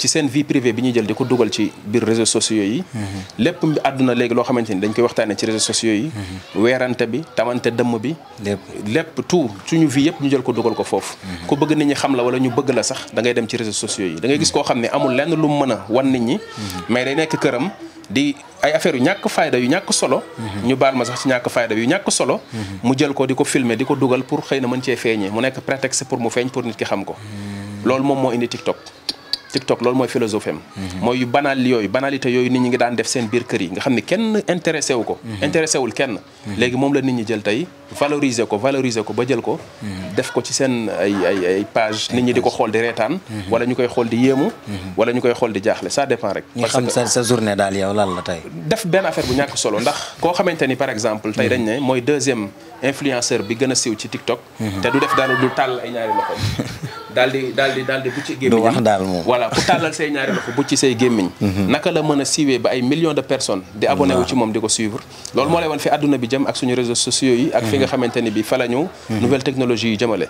ci seen vie privée bi ñuy jël di ko dugal ci biir réseaux sociaux yi. Mhm. lépp àdduna léegi loo xamante ni dañ koy waxtaanee ci réseaux sociaux yi. Mhm. weerante bi tamante dëmm bi. lépp lépp tout suñu vie yëpp ñu jël ko dugal ko foofu. Mhm. ku bëgg nit ñi xam la wala ñu bëgg la sax da ngay dem ci réseaux sociaux yi da ngay gis koo xam ne amul lenn lu mu mën a wan nit ñi. mais day nekk këram di ay affaire yu ñàkk fayda yu ñàkk solo. ñu baal ma sax ci ñàkk fayda yu ñàkk solo. mu jël ko di ko filmer di ko dugal pour xëy na mën cee feeñee mu nekk prétexte pour mu feeñ pour nit ki xam ko. loolu moom moo indi TikTok TikTok lool mooy philosophie am. Mhm. mooy yu banal yooyu banalité yooyu nit ñi ngi daan def seen biir kër yi nga xam ne kenn intéressé wu ko. Mhm. intéressé wul kenn. Mhm. léegi moom la nit ñi jël tey valorisé ko valoriser ko ba jël ko. def ko ci seen ay ay ay page nit ñi di ko xool di reetaan. wala ñu koy xool di yéemu. wala ñu koy xool di jaaxle ça dépend rek. parce que ñu xam sa journée daal yow lan la tey. def benn affaire bu ñàkk solo ndax koo xamante ni par exemple tey dañ ne mooy deuxième influenceur bi gën a siiw ci TikTok. te du def dara du tàll ay ñaari loxo. daal di daal di daal di bu ci gémmiñ wax daal moom voilà bu ci say gémmiñ mhm. naka la mën a siiwee ba ay million de personnes di abonné ci moom di ko suivre loolu moo lay wan fi àdduna bi jëm ak suñu réseaux sociaux yi ak fi nga mhm. xamante ni bi fa la ñu mhm. nouvelle technologie yi jëmale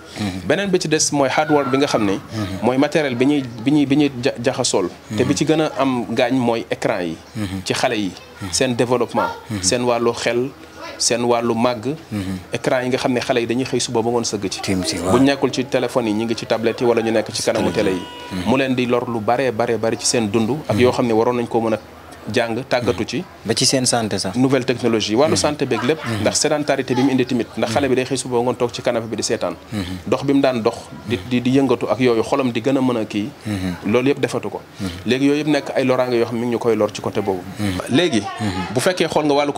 beneen bi ci des mooy hardware bi nga xam ne mooy matériel bi ñuy bi ñuy bi ñuy jaxasool te bi ci gën a am gaañ mooy écran yi ci xale yi seen développement seen wàllu xel seen wàllu màgg ecran mhm. yi nga xam ne xale yi dañuy xëy suba ba ngoon sëgg ci buñ nekkul ci téléphone yi ñu ngi ci tablette yi wala ñu nekk ci kanamu télé yi mhm. mu leen di lor lu bare bare bari ci seen dund ak mhm. yoo xam ne waroon nañ ko mën a jàng tàggatu ci. ba ci seen santé sax. nouvelle technologie wàllu mm-hmm. santé beeg lépp. ndax sédentarité bi mu indi tamit ndax xale bi day xëy suba ngoon toog ci canapé bi di seetaan. Mm-hmm. dox bi daan dox. di yëngatu ak yooyu xolam di gën a mën a kii. Mm-hmm. loolu yëpp defatu ko. léegi yooyu yëpp nekk ay loraange yoo xam mi ngi ñu koy lor ci côté boobu. léegi. bu fekkee xool nga wàllu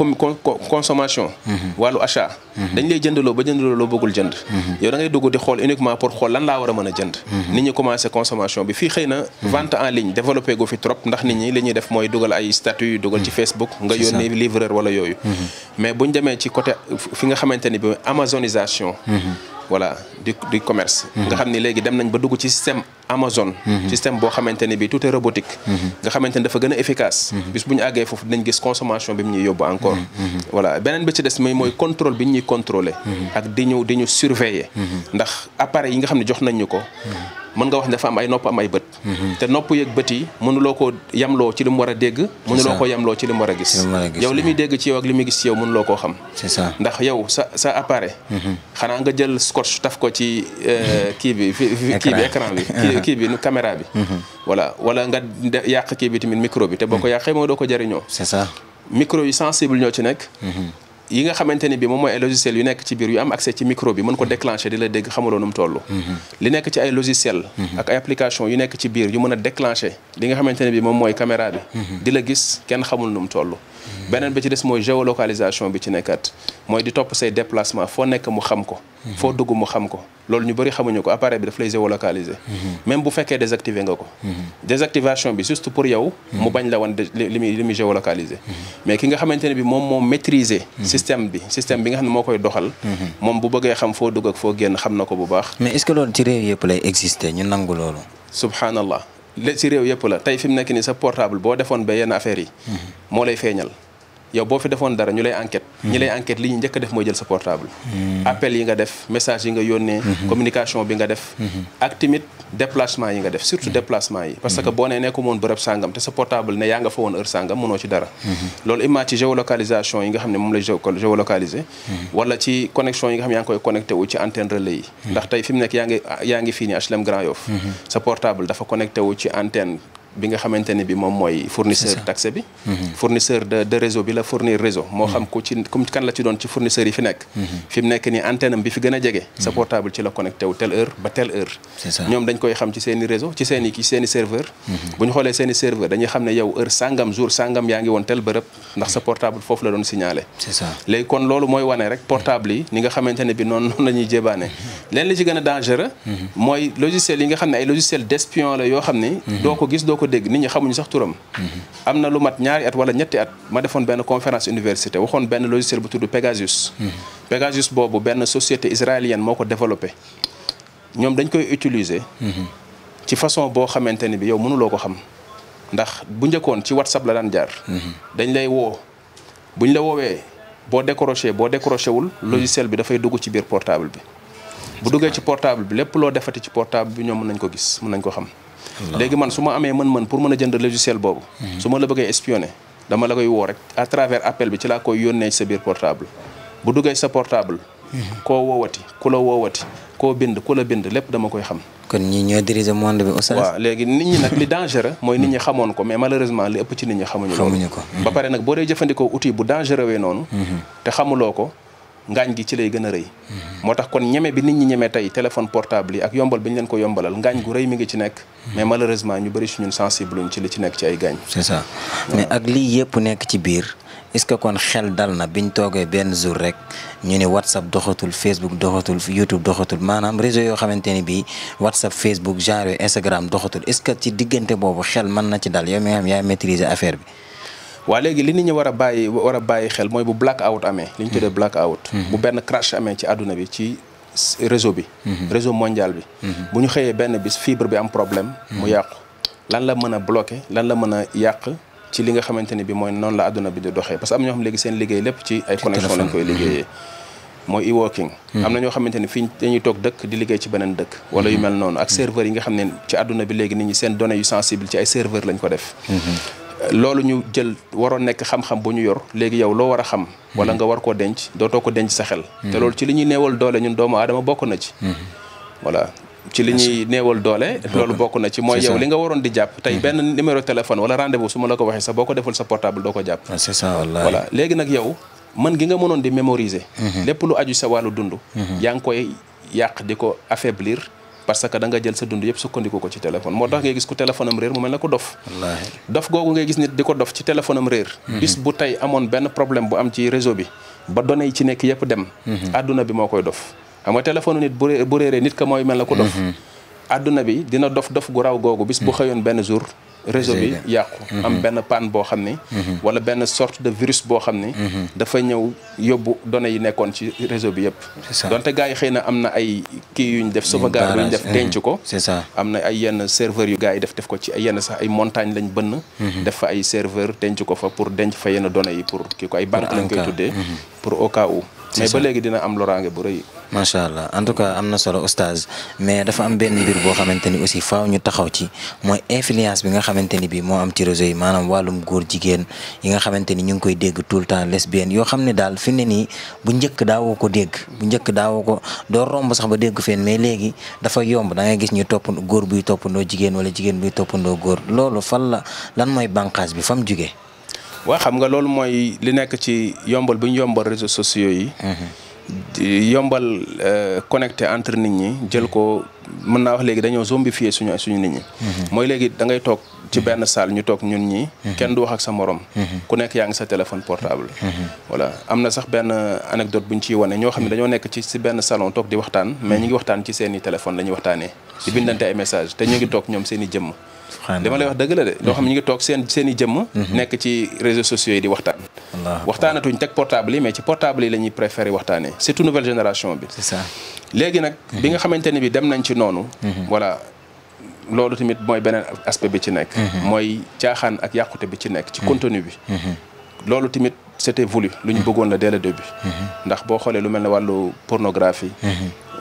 consommation. wàllu achat. dañ lay jëndaloo ba jëndaloo loo bëggul jënd. yow da ngay di xool uniquement pour xool lan laa war a mën a jënd. nit ñi commencé consommation bi fii xëy na vente en ligne développé go fi trop ndax nit ñi li ñuy def mooy dugal ay ci statut yu dugal ci mm. Facebook nga yónnee livreur wala yooyu mm-hmm. mais buñ demee ci côté fi nga xamante ni bi amazonisation mm-hmm. voilà du commerce mm-hmm. nga xam ni léegi dem nañ ba dugg ci système Amazon système boo xamante ni bi tout est robotique nga xamante ni dafa gën a efficace bis bu ñu àggee foofu dinañ gis consommation bi mu ñuy yóbbu encore voilà beneen bi ci des mooy mooy bi ñuy contrôler ak di ñu di ñu surveiller ndax appareil yi nga xam ne jox nañ ñu ko mën nga wax ne dafa am ay nopp am ay bët mhm. te nopp yeeg bët yi mënuloo ko yamloo ci li mu war a dégg mënuloo ko yamloo ci li war a gis yow li muy dégg ci yow ak li muy gis ci yow mënuloo koo xam ndax yow sa sa appareil mhm. xanaa nga jël scotch taf ko ci euh, kii bi kii bi écran bi kii bi caméra bi mhm. voilà wala nga yàq kii bi tamit micro bi te boo ko yàqee moo doo ko jëriñoo c'est ça micro yu sensible ñoo ci nekk yi nga xamante ni bi moom mooy ay logiciel yu nekk ci biir yu am accès ci micro bi mën ko déclencher di la dégg xamuloo nu mu mhm. li nekk ci ay logiciel mhm. ak ay application yu nekk ci biir yu mën a déclencher li nga xamante ne bi moom mooy caméra bi mhm. di la gis kenn xamul nu mu toll beneen bi ci des mooy géolocalisation bi ci nekkat mooy di topp say déplacement foo nekk mu xam ko mhm. foo dugg mu xam ko loolu ñu bëri xamuñu ko appareil bi daf lay géolocaliser mhm. même bu fekkee désactiver nga ko mhm. désactivation bi juste pour yow mu bañ la wan li muy li muy mais ki nga xamante ne bi moom moo maîtriser système bi système bi nga xam ne moo koy doxal moom bu bëggee xam foo dugg ak foo génn xam na ko bu baax mais est-ce que loolu ci réew yëpp lay exister ñu nangu loolu subhanallah lé ci réew yëpp la tey fi mu nekk nii sa portable boo defoon b yenn affaires yi moo lay feeñal yow boo fi defoon dara ñu lay enquête ñi lay enquête li ñu njëkk a def mooy jël sa portable hmm. appel yi nga def message yi nga yónnee hmm. communication bi nga def hmm. ak tamit yi nga def surtout déplacement yi parce que boo nee nekku moon bërëb sàngam te sa portable ne yaa nga fa woon heure sàngam mënoo ci dara loolu imma ci yi nga xam ne moom lay géolocaliser wala ci connexion yi nga xam ne yaa ngi koy connecté wu ci antenne relais yi ndax tey ngi yaa ngi fii ni HLM Grand Yoff sa portable dafa connecté bi nga xamante ne bi moom mooy fournisseur taxe bi mm-hmm. fournisseur de de réseau bi la fournir réseau moo xam ku ci comme kan la ci doon ci fournisseurs yi fi nekk mm-hmm. fi mu nekk ni antenne am bi fi gën a jege mm-hmm. sa portable ci la connecté wu heure ba telle heure ñoom dañ koy xam ci seen réseau ci seen serveur bu xoolee seen serveur dañuy xam ne yow heure sangam jour sangam yaa ngi woon tel bërëb ndax sa portable foofu la doon signalé c'est kon loolu mooy wane rek portable yi ni nga xamante ne bi noonu noonu la ñuy jébaane leen li yi nga xam ne ay logiciel d'espion la yoo xam ne ko dégg nit ñi xamuñu sax turam mm-hmm. am na lu mat ñaari at wala ñetti at ma defoon benn conférence université waxoon benn logiciel bu tudd Pegasus mm-hmm. Pegasus boobu benn société israélienne moo ko développé ñoom dañ koy utiliser mm-hmm. ci façon boo xamante ni bi yow mënuloo ko xam ndax bu njëkkoon ci WhatsApp la daan jaar dañ lay woo buñ la woowee boo décroché boo décroché wul logiciel bi dafay dugg ci biir portable bi bu duggee ci ah. portable bi lépp loo defati ci portable bi ñoom mën nañ ko gis mën nañ ko xam léegi man su ma amee man man pour mën a jënd logiciel boobu su ma la bëggee espionner dama la koy woo rek à appel bi ci laa koy yónnee sa biir portable bu duggee sa portable mhm. koo woowati ku la woowati ko bind ku la bind lépp dama koy xam kon ñi ñoo diriger monde bi aussi waaw léegi nit ñi nag li dangereux mooy nit ñi xamoon ko mais malheureusement li ëpp ci nit ñi xamuñu ko ba mhm. pare nag boo dee jëfandikoo outil bu dangereux wee noonu mhm. te xamuloo ko ngaañ gi ci lay gën a rëy moo tax kon ñeme bi nit ñi ñeme tey téléphone portable yi ak yombal bi leen ko yombalal ngaañ gu rëy mi ngi ci nekk mais malheureusement ñu bëri su ñun sensible uñ ci li nekk ci ay gaañ c'est mais ak lii yëpp nekk ci biir est-ce que kon xel dal na biñ toogee benn jour rek ñu ne whatsapp doxatul facebook doxatul youtube doxatul maanaam réseau yoo xamante ni bii whatsapp facebook genre instagram doxatul est-ce que ci diggante boobu xel mën na ci dal yow mi nga xam yaay affaire bi waa léegi li nit ñi war a bàyyi war a bàyyi xel mooy bu black out amee li ñu tuddee mm-hmm. black out mm-hmm. bu benn crash amee ci àdduna bi ci réseau bi mm-hmm. réseau mondial bi bu ñu xëyee benn bis fibre bi am problème mu yàqu lan la mën a bloqué lan la mën a yàq ci li nga xamante ni bi mooy noonu la àdduna bi di doxee parce que am ñoo xam léegi seen liggéey lépp ci ay connexion lañ koy liggéeyee mooy e-working am na ñoo xamante ni fii dañuy toog dëkk di liggéey ci beneen dëkk wala yu mel noonu serveur yi nga xam ne ci àdduna bi léegi nit ñi seen données yu sensible ci ay serveur lañ ko def loolu ñu jël waroon nekk xam-xam bu ñu yor léegi yow loo war a xam wala nga war koo denc dootoo ko denc sa xel te loolu ci li ñuy neewal doole ñun doomu aadama bokk na ci voilà ci li ñuy neewal doole loolu bokk na ci mooy yow li nga waroon di jàpp tey benn mhm. numéro téléphone wala rendez-vous su ma la ko waxee sax boo ko deful sa portable doo ko jàpp ah, c'est léegi nag yow man gi nga mënoon di mémoriser mhm. lépp lu aju sa wàllu dund mhm. yaa ngi koy yàq di ko affaiblir parce que da nga jël sa dund yëpp sukkandiku ko ci téléphone moo tax ngay gis ku téléphone am réer mu mel na ko dof dof googu ngay gis nit di ko dof ci téléphone am réer mhm. bis bu tey amoon benn problème bu am ci réseau bi ba données yi ci nekk yëpp dem àdduna mhm. bi moo koy dof xam nga téléphone nit bu réeree nit ko mooy mel na ko dof àdduna mhm. bi dina dof dof gu raw googu bis bu xëyoon benn jour réseau bi yàqu mhm. am benn panne boo xam ni mhm. wala benn sorte de virus boo xam ni mhm. dafa ñëw yóbbu données yi nekkoon ci réseau bi yëpp donte gars yi xëy na am na ay kii yuñ def sauvegarde yuñ def denc ko c'est ça am na ay yenn serveurs yu gars yi def def ko ci ay yenn sax ay montagne lañ bënn def fa ay serveur denc ko fa pour denc fa yenn données yi pour kii ko ay banque lañ koy tuddee pour au cas mais ba léegi dina am loraange bu rëy macha allah en tout cas am na solo oustaz mais dafa am benn mbir boo xamante ni aussi faaw ñu taxaw ci mooy influence bi nga xamante ni bii moo am ci réseau yi maanaam wàllum góor jigéen yi nga xamante ni ñu ngi koy dégg tout le temps lesbienne yoo xam ne daal fi ne nii bu njëkk daawoo ko dégg bu njëkk daawoo ko doo romb sax ba dégg fenn mais léegi dafa yomb dangay ngay gis ñu topp góor buy toppandoo jigéen wala jigéen buy toppandoo góor loolu fan la lan mooy bànqaas bi fa mu waa xam nga loolu mooy li nekk ci yombal bu ñu yombal réseaux sociaux yi. Mhm. yombal euh, connecté entre nit ñi jël ko mën naa wax léegi dañoo zombifié suñu suñu nit ñi. Mhm. mooy léegi da toog ci mhm. benn salle ñu toog ñun ñi mhm. kenn du wax ak sa morom. ku nekk yaa ngi sa téléphone portable. voilà am na sax benn euh, anecdote bu ñu ciy wane ñoo xam ne dañoo nekk ci si benn salon toog di waxtaan mais ñu ngi waxtaan ci seeni i téléphone la ñuy waxtaanee. di bindante ay message te ñu ngi toog ñoom seen i jëmm. li ma lay wax dëgg la de loo xam ne ñu ngi toog seen seen i jëmm mhm. nekk ci réseaux sociaux yi di waxtaan waxtaanatuñ teg portable yi mais ci portable yi la ñuy préféré waxtaanee surtout nouvelle génération bi c'est ça léegi nag mhm. bi nga xamante ne bi dem nañ ci noonu mhm. voilà loolu tamit mooy beneen aspect bi ci nekk mooy caaxaan ak yàqute bi ci nekk ci contenu bi loolu tamit c'était voulu lu ñu bëggoon la dès le début. ndax boo xoolee lu mel ne wàllu pornographie.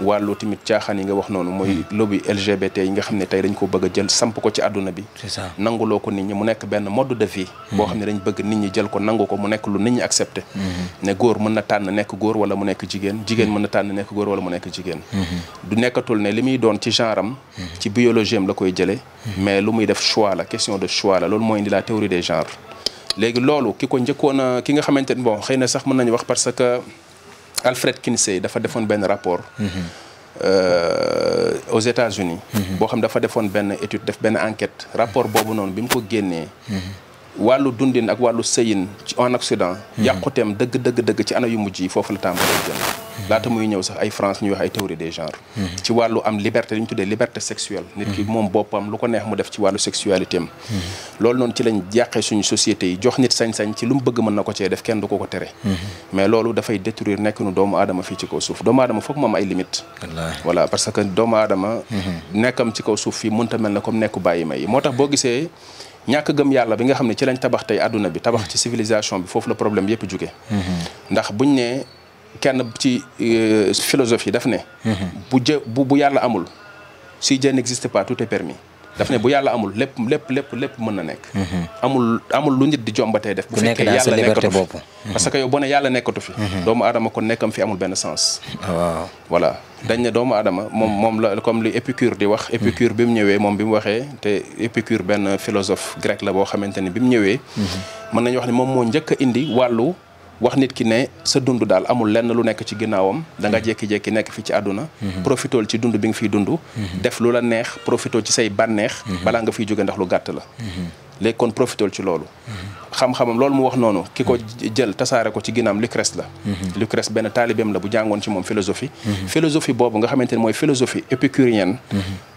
wàllu tamit caaxaan yi nga wax noonu mooy lobby LGBT yi nga xam ne tey dañ ko bëgg jël samp ko ci àdduna bi. c'est ça nanguloo ko nit ñi mu nekk benn mode def vie. Hmm. boo xam ne dañ bëgg nit ñi jël ko nangu ko mu nekk lu nit ñi accepté. Hmm. ne góor mën na tànn nekk góor wala mu nekk jigéen jigéen hmm. mën na tànn nekk góor wala mu nekk jigéen. du nekkatul ne li muy doon ci genre am. ci biologie am la jëlee. mais lu muy def choix la question de loolu mooy indi la théorie des genres. léegi loolu ki ko njëkkoon a ki nga xamante ni bon xëy na sax mën nañu wax parce que Alfred Kinsey dafa defoon benn rapport. Mhm. Euh, aux États-Unis mhm. boo xam dafa defoon benn étude def benn enquête rapport boobu noonu bi mu ko génnee. Mhm. wàllu dundin ak wàllu sëyin ci en Occident. Hmm. yàquteem dëgg dëgg dëgg ci ana yu mujj yi foofu la tàmbalee hmm. laata muy ñëw sax ay France ñuy wax ay théorie des genres. Hmm. ci wàllu am liberté liberté sexuelle. nit ki moom boppam lu ko neex mu def ci wàllu sexualité am. loolu noonu ci lañ dafay détruire nekkinu doomu aadama fii ci kaw suuf doomu aadama foog mu ay limites. voilà parce que doomu aadama. nekkam ci kaw suuf fii mënta mel na comme nekku bàyyi may moo tax boo gisee ñàkk gëm yàlla bi nga xam ne ci lañ tabax tey àdduna bi tabax ci civilisation bi foofu la problème yëpp jóge mhm. ndax buñ ne kenn ci euh, philosophie daf ne mhm. bu jë bu bu yàlla amul si Dieu n'existe pas tout est permis daf ne bu yàlla amul lépp lépp lépp lépp mën na nekk mhm. amul amul lu nit di jombatee def bu fekkee mhm. yàlla nekkatu fi parce que yow boo ne nekkatu fi doomu adama kon nekkam fi amul benn sens ah, waaw voilà dañ ne doomu aadama moom moom la comme li Épicure di wax Épicure mhm. bi mu ñëwee moom bi mu waxee te Épicure benn philosophe grec la boo xamante ni bi mu ñëwee mën nañu wax ne moom moo njëkk a indi wàllu wax nit ki ne sa dund daal amul lenn lu nekk ci ginnaawam da nga mhm. jékki nekk fi ci àdduna mhm. profitool ci dund bi nga fiy dund mhm. def lu la neex profitool ci say bànneex balaa nga fiy jóge ndax lu gàtt la léegi kon profitool ci loolu xam-xamam loolu mu wax noonu ki ko jël tasaare ko ci ginnaam Lucrèce la Lucrèce benn taalibeem la bu jàngoon ci moom philosophie philosophie boobu nga xamante ne mooy philosophie épicurienne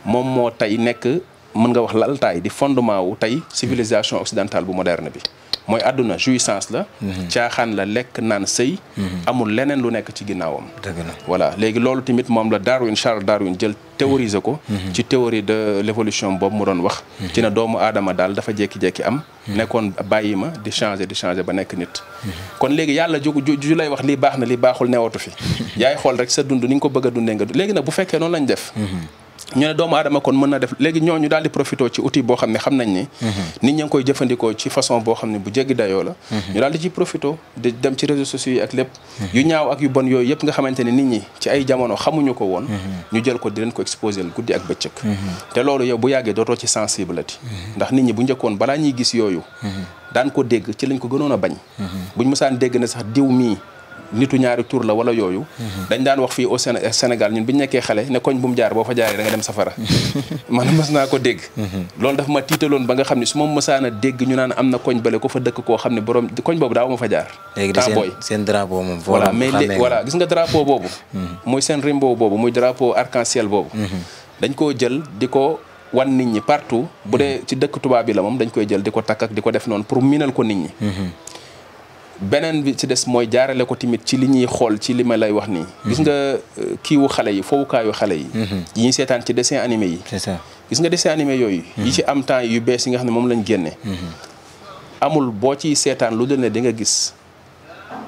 moom moo tey nekk mën nga wax laltaay di fondement wu tey civilisation occidentale bu moderne bi mooy àdduna jouissance la. Mhm. caaxaan la lekk naan sëy. Mhm. amul leneen lu nekk ci ginnaawam. dëgg la voilà léegi loolu tamit moom la Darwin Charles Darwin jël théoriser ko. Mhm. ci théorie de l'évolution boobu mu doon wax. ci na doomu aadama daal dafa jékki-jékki am. nekkoon bàyyi ma di changer di changer ba nekk nit. kon léegi yàlla ju ju lay wax lii baax na li baaxul newatu fi. yaay xool rek sa dund ni nga ko bëgg a dundee nga léegi nag bu fekkee noonu lañ def. ñu ne doomu aadama kon mën na def léegi ñooñu daal di profité ci outil boo xam ne xam nañ ni. Mhm. nit ñi ngi koy jëfandikoo ci façon boo xam ne bu jéggi dayoo la. Mhm. ñu daal di ci profité di dem ci réseaux sociaux yi ak lépp. Mhm. yu ñaaw ak yu bon yooyu yëpp nga xamante ne nit ñi ci ay jamono xamuñu ko woon. ñu jël ko di leen ko exposé guddi ak bëccëg. te loolu yow bu yàggee dootoo ci sensible ati ndax nit ñi bu njëkkoon balaa ñuy gis yooyu. daan ko dégg ci lañ ko gënoon a bañ. nitu ñaari tur la wala yooyu mhm. dañ daan wax fii au Sénégal ñun biñu nekkee xale ne koñ bu mu jaar boo fa jaaree da nga dem safara mhm. man mës naa ko dégg mhm. loolu daf ma tiitaloon ba nga xam ne su ma mësaan a dégg ñu naan am na koñ bale ko fa dëkk koo xam ne borom koñ boobu daaw ma fa jaar booy seen drapeau moom voilà mais léegi voilà gis nga drapeau boobu muy seen rainbow boobu muy drapeau arc-en-ciel boobu dañ koo jël di ko wan nit ñi partout bu dee ci dëkk tubaab bi la moom dañ koy jël di ko takk di ko def noonu pour miinal ko nit ñi beneen bi ci des mooy jaarale ko tamit ci li ñuy xool ci li ma lay wax nii. gis nga euh, kiiwu xale yi fowukaayu xale yi. Mhm. yi ñuy seetaan ci dessin animé yi. c'est ça gis nga dessin animé yooyu. yi ci am temps yu bees yi nga xam ne moom lañ génne. Mhm. amul boo ciy seetaan lu dul ne di nga gis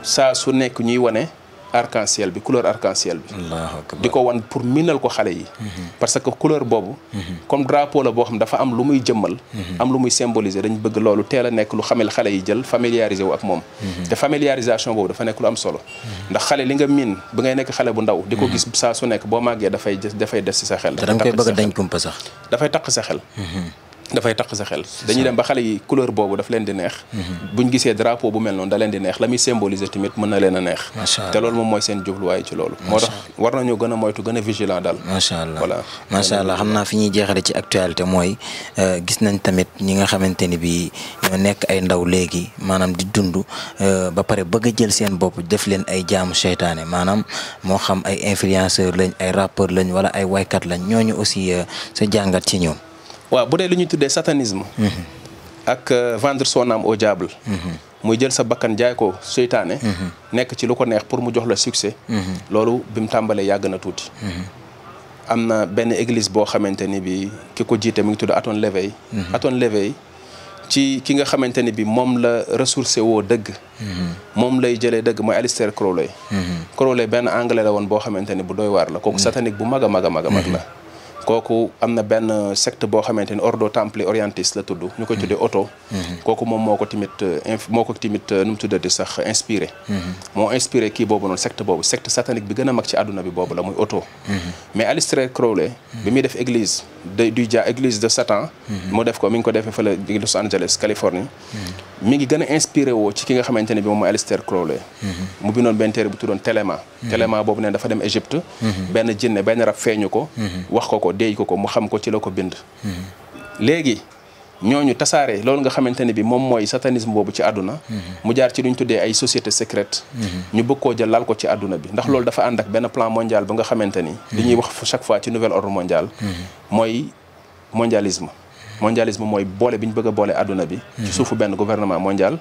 saa su nekk ñuy wane. arc en bi couleur arc-en-ciel bi di ko wan pour minal ko xale yi mhm. parce que couleur boobu mhm. comme drapeau la boo xam dafa am lu muy jëmmal mhm. am lu muy symboliser dañ bëgg loolu teel a nekk lu xamel xale yi jël familiariser wu ak moom te familiarisation boobu dafa nekk lu am solo ndax xale li nga miin bi ngay nekk xale bu ndaw di ko gis saa su nekk boo màggee dafay dafay des ci sa xel dafay takk sa xel dafay taq sa xel dañuy dem ba xale yi couleur boobu daf leen di neex mhm. buñ gisee drapeau bu mel noonu da leen di neex la muy symboliser tamit mën na leen a neex te loolu moom mooy seen jubluwaay ci loolu moo tax war nañoo gën a moytu gën a vigilant daal macha allah voilà macha allah xam na fi ñuy jeexale ci actualité mooy euh, gis nañ tamit ñi nga xamante ni bi ñoo nekk ay ndaw léegi maanaam di dund euh, ba pare bëgg jël seen bopp def leen ay jaamu seytaane maanaam moo xam ay influenceur lañ ay rappeur lañ wala ay waykat lañ ñooñu aussi euh, sa jàngat ci ñoom waaw bu dee lu ñuy tuddee satanisme. Mm-hmm. ak euh, vendre son âme au mm-hmm. muy jël sa bakkan jaay ko seytaane. Mm-hmm. nekk ci lu ko neex pour mu jox la succès. loolu bi mu tàmbalee yàgg na tuuti. am na benn église boo xamante ni bi ki ko jiite mu ngi tudd Anton LaVey. Anton LaVey ci ki nga xamante ni bi moom la ressourcé woo dëgg. moom lay jëlee dëgg mooy Aleister Crowley. Crowley benn anglais la woon boo xamante ni bu doy waar la kooku satanique bu mag a mag a mag a mag la. kooku am na benn secte boo xamante ni ordo templi orientis la tudd. ñu koy tuddee oto. Mhm. kooku moom moo ko tamit euh, inf moo ko tamit euh, nu mu tuddati sax inspiré. Mhm. moo inspiré kii boobu noon secte boobu secte satanique bi gën a mag ci àdduna bi boobu la muy oto. Mhm. mais Aleister Crowley. bi muy def église. de du Dia église de Satan. Mhm. mu def ko mi ngi ko defee fële Los Angeles Californie. Mhm. mi ngi gën a inspiré woo ci ki nga xamante ne bi moom mooy Aleister mhm. mu bindoon benn téere bu tuddoon Téléma. Téléma boobu ne dafa dem Égypte. benn jinne benn rab feeñu ko. wax ko ko déey ko ko mu xam ko ci la ko bind. léegi. ñooñu tasaare loolu nga xamante ne bi moom mooy satanisme boobu ci àdduna mu jaar ci lu ñu tuddee ay société secrète ñu bëgg koo jël laal ko ci àdduna bi ndax loolu dafa ànd ak benn plan mondial ba nga xamante ni li ñuy wax chaque fois ci nouvel ordre mondial mooy mondialisme mondialisme mooy boole bi ñu bëgg a boole àdduna bi ci suufu benn gouvernement mondial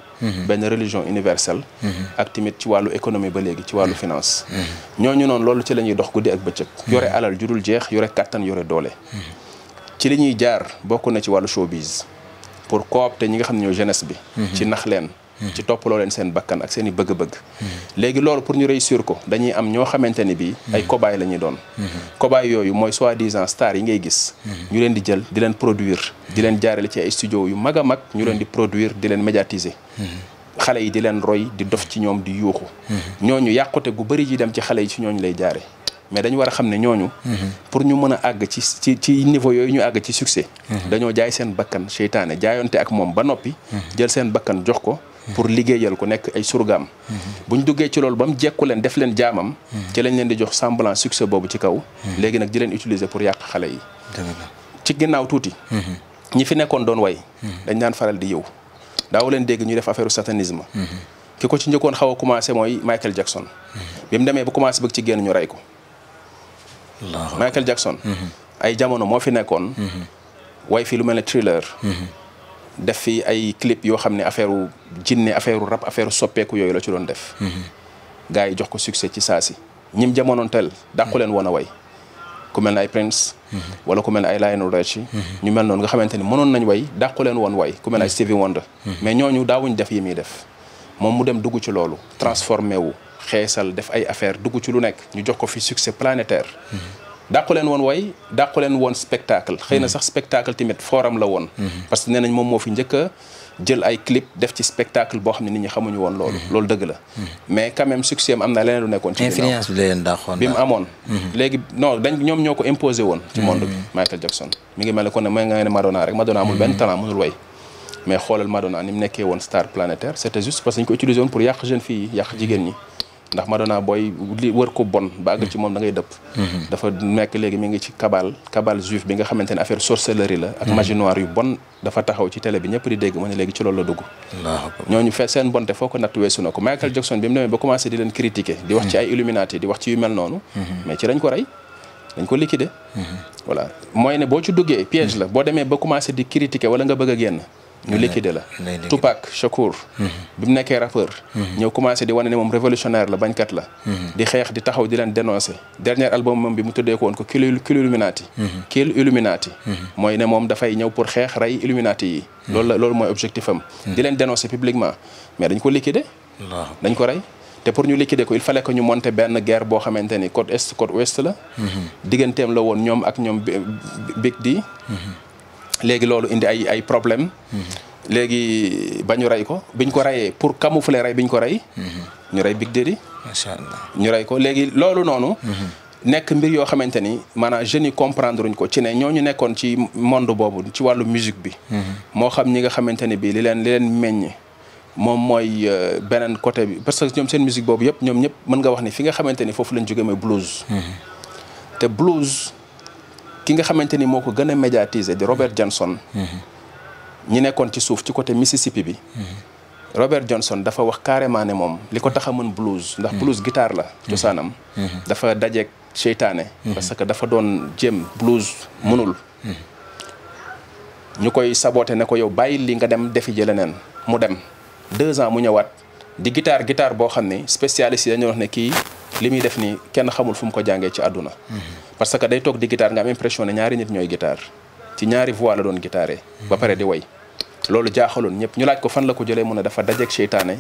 benn religion universelle ak tamit ci wàllu économie ba léegi ci wàllu finance ñooñu noon loolu ci la ñuy dox guddi ak bëccëg yore alal judul jeex yore kàttan yore doole ci li ñuy jaar bokk na ci wàllu showbiz pour coopter ñi nga xam ne ñoo jeunesse bi. Mhm. ci nax leen. Mhm. ci toppaloo leen seen bakkan ak seen i bëgg-bëgg. Mhm. léegi loolu pour ñu réussir ko dañuy am ñoo xamante ni bii. ay cobaye la ñuy doon. cobaye yooyu mooy dis disant star yi ngay gis. ñu leen di jël di leen produire. di leen jaarale ci ay studio yu mag a mag ñu leen di produire di leen médiatiser. xale yi di leen roy di dof ci ñoom di yuuxu. ñoo ñu yàqute gu bëri ji dem ci xale yi ci ñooñu lay jaare mais dañu war a xam ne ñooñu. pour ñu mën a àgg ci ci ci niveau yooyu ñu àgg ci succès. dañoo jaay seen bakkan seytaane jaayonte ak moom ba noppi. jël seen bakkan jox ko. pour liggéeyal ko nekk ay surgaam. bu ñu duggee ci loolu ba mu jekku leen def leen jaamam. ci lañ leen di jox semblant succès boobu ci kaw. léegi nag di leen utiliser pour yàq xale yi. ci ginnaaw tuuti. ñi fi nekkoon doon way. dañ daan faral di yow daaw leen dégg ñu def affaire satanisme. ki ko ci njëkkoon a commencé mooy Michael Jackson. bi mu demee ba commencé bëgg ci génn ñu rey ko. Michael Jackson. Mhm. ay jamono moo fi nekkoon. Mhm. way fi lu mel ne thriller. Mhm. def fi ay clip yoo xam ne affaire u jinne affaire u rap affaire soppeeku yooyu la ci doon def. gars yi jox ko succès ci saa si ñim jamonoon teel dàqu leen woon a way ku mel ne ay Prince. wala ku mel ne ay Lionel Richie. ñu mel noonu nga xamante ni mënoon nañ way dàqu leen woon way ku mel ne ay Stevie Wonder. mais ñooñu daawuñ def yi muy def moom mu dem dugg ci loolu transformé wu. xeesal def ay affaire dugg ci lu nekk ñu jox ko fi succès planétaire dàqu leen woon way dàqu leen woon spectacle xëy na sax spectacle tamit forum la woon parce que nee nañ moom moo fi njëkk a jël ay clip def ci spectacle boo xam ne nit ñi xamuñu woon loolu mhm. loolu dëgg la mais quand succès am na leneen lu nekkoon ci influence bi leen dàqoon bi mu amoon mhm. léegi non dañ ñoom ñoo ko imposé woon ci monde bi mhm. Michael Jackson mi ngi mel ne kon ne mooy nga ne Madonna rek Madonna amul benn talent ndax Madonna booy li wër ko bon ba àgg ci moom da ngay dëpp mm-hmm. dafa nekk léegi mi ngi ci kabal kabal juif bi nga xamante ne affaire sorcellerie la ak mm-hmm. magie noire yu bon dafa taxaw ci télé bi ñëpp di dégg ma ne léegi ci loolu la dugg ñooñu fe seen bonte foo ko natt weesu na ko Michael Jackson bi mu demee ba commencé di leen critiquer di wax ci mm-hmm. ay Illuminati di wax ci yu mel noonu mais ci dañ ko rey dañ ko liquider voilà mooy ne boo ci duggee piège la boo demee ba commencé di critiquer wala nga bëgg génn ñu liquide la Tupac Shakur mhm. bi mu nekkee rappeur mhm. ñëw commencé di wane ne moom révolutionnaire la bañkat la mhm. di xeex di taxaw di leen dénoncé dernier album moom bi mu tuddee ko woon ko Kill Kill Illuminati Kill Illuminati mooy ne moom dafay ñëw pour xeex rey Illuminati yi loolu la loolu mooy objectif am di leen dénoncé publiquement mais dañ ko liquide waaw dañ ko rey te pour ñu liquider ko il fallait que ñu monter benn guerre boo xamante ni côte est côte ouest la digganteem la woon ñoom ak ñoom Big D léegi loolu indi ay ay problème mhm. léegi ba ñu rey ko bi ñu ko reyee pour camoufler rey bi ñu ko rey. Mhm. ñu rey Big Daddy. macha allah ñu rey ko léegi loolu noonu. Mhm. nekk mbir yoo xamante ni maanaam jeunes yi comprendre uñ ko ci ne ñooñu nekkoon ci monde boobu ci wàllu musique bi. moo xam ñi nga xamante ni bii li leen li meññ. moom mooy euh, beneen côté bi parce que ñoom seen musique boobu yëpp ñoom ñëpp mën nga wax ni fi nga xamante ni foofu lañ jógee mooy blues. te blues. ki nga xamante ni moo ko gën a médiatiser di Robert mm-hmm. Johnson. Mm-hmm. ñi nekkoon ci suuf ci côté Mississippi bi. Mm-hmm. Robert Johnson dafa wax carrément ne moom li ko tax a mën blues ndax blues guitare la cosaanam. dafa dajeeg seytaane. parce que dafa doon jéem blues mënul. ñu koy saboté ne ko yow bàyyi li nga dem defi ji leneen mu dem deux ans mu ñëwaat di gitaar guitare boo xam ni spécialiste yi dañoo wax ne kii li muy def nii kenn xamul fu mu ko jàngee ci àdduna. parce que day toog di guitare nga am impression ne ñaari nit ñooy gitaar ci ñaari voix la doon guitare ba pare di way loolu jaaxaloon ñëpp ñu laaj ko fan la ko jëlee mu ne dafa dajeeg seytaane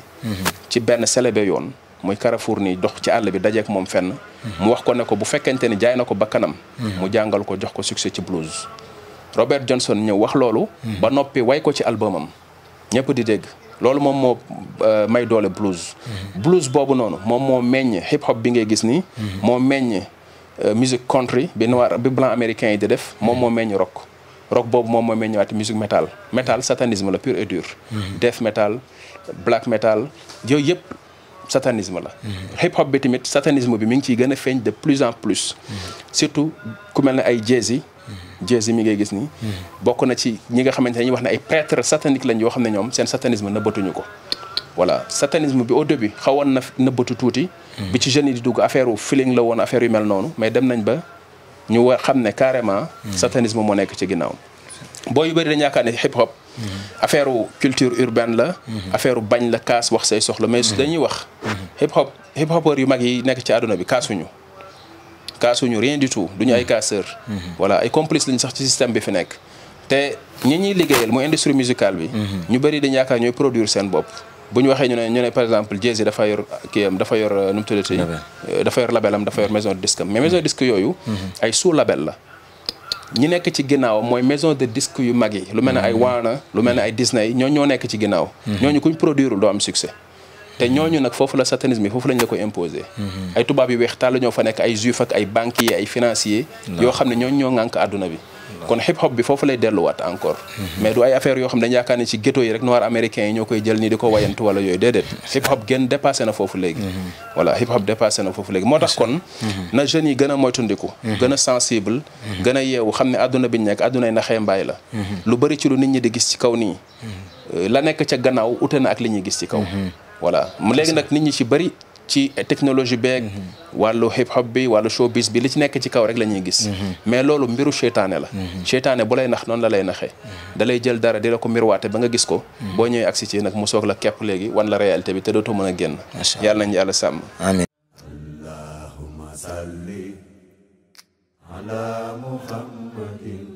ci benn célébé yoon muy Carrefour ni dox ci àll bi dajeeg moom fenn mu wax ko ne ko bu fekkente ni jaay na ko ba kanam mu jàngal ko jox ko succès ci blues Robert Johnson ñëw wax loolu ba noppi way ko ci albumam ñëpp di dégg loolu moom moo euh, may doole blues blues boobu noonu moom moo meññ hip hop bi ngay gis nii moo meññ Euh, musique country bi noir bi blanc américain yi di def moom moo meññ rock rock boobu moom moo meññewaat musique metal metal satanisme la pur et dur mhm. death metal black metal yooyu yëpp satanisme la mhm. hip hop bi satanisme bi mi ngi ciy gën a feeñ de plus en plus mhm. surtout ku mel ne ay Jay-Z mi ngay gis nii bokk na ci ñi nga xamante ne ñuy wax na ay prêtres sataniques lañ yoo xam ne ñoom seen satanisme nëbbatuñu ko voilà satanisme bi au début xawoon na nëbbatu tuuti. Hmm. bi ci jeunes di dugg affaire u feeling la woon affaire yu mel noonu mais dem nañ ba ñu war xam ne carrément. Hmm. satanisme moo nekk ci ginnaaw. boo yu bëri dañu yaakaar ne hip hop. Hmm. affaire culture urbaine la. affaire bañ la kaas wax say soxla mais dañuy wax. hip hop hip hopeur yu mag yi nekk ci àdduna bi kaasuñu. kaasuñu rien du tout duñu ay casseurs. voilà ay complices lañ sax ci système bi fi nekk. te ñi ñuy liggéeyal mooy industrie musicale bi. ñu bëri dañu yaakaar ñooy produire seen bopp. bu ñu waxee ñu ne ñu ne exemple Jay-Z dafa am dafa yor euh, nu mu tuddati euh, dafa yor label dafa yor maison de disque am mais yooyu mm-hmm. ay sous la ñi nekk ci ginnaawam mooy maison de disque yu mag yi lu mel ne ay mm-hmm. Warner lu mel ne ay mm-hmm. Disney ñoo ñoo nekk ci ginnaaw ñooñu kuñ produireul doo am succès te ñooñu nag foofu la satanisme yi foofu lañ la ko imposé ay tubaab yu weex tàll ñoo fa nekk ay juif ak ay yi ay financiers yoo xam ne ñooñu ñoo ŋànk àdduna bi kon hip hop bi foofu lay delluwaat encore mais du ay affaire yoo xam dañu yaakaar ne ci ghetto yi rek noir américain yi ñoo koy jël nii di ko wayantu wala yooyu déedéet hip hop gën dépassé na foofu léegi moo tax kon na jeunes yi gën moytundiku gën sensible gën yeewu xam ne àdduna bi ñu nekk àddunay na mbaay la lu bëri ci lu nit ñi di gis ci kaw nii la nekk ca gannaaw ute na ak li ñuy gis ci kaw voilà léegi nag nit ñi ci bëri ci technologie beeg mhm. wàllu hip hop bi wàllu showbiz bi li ci nekk ci kaw rek la ñuy gis mhm. mais loolu mbiru seytaane la mhm. seytaane bu lay nax noonu la lay naxee da lay jël dara di la ko mirwaate ba nga gis ko boo ñëwee agsi nag mu soog la kepp léegi wan la réalité bi te dootu mën a génn yal na yàlla sàmm amiin allahumma salli ala muhammadin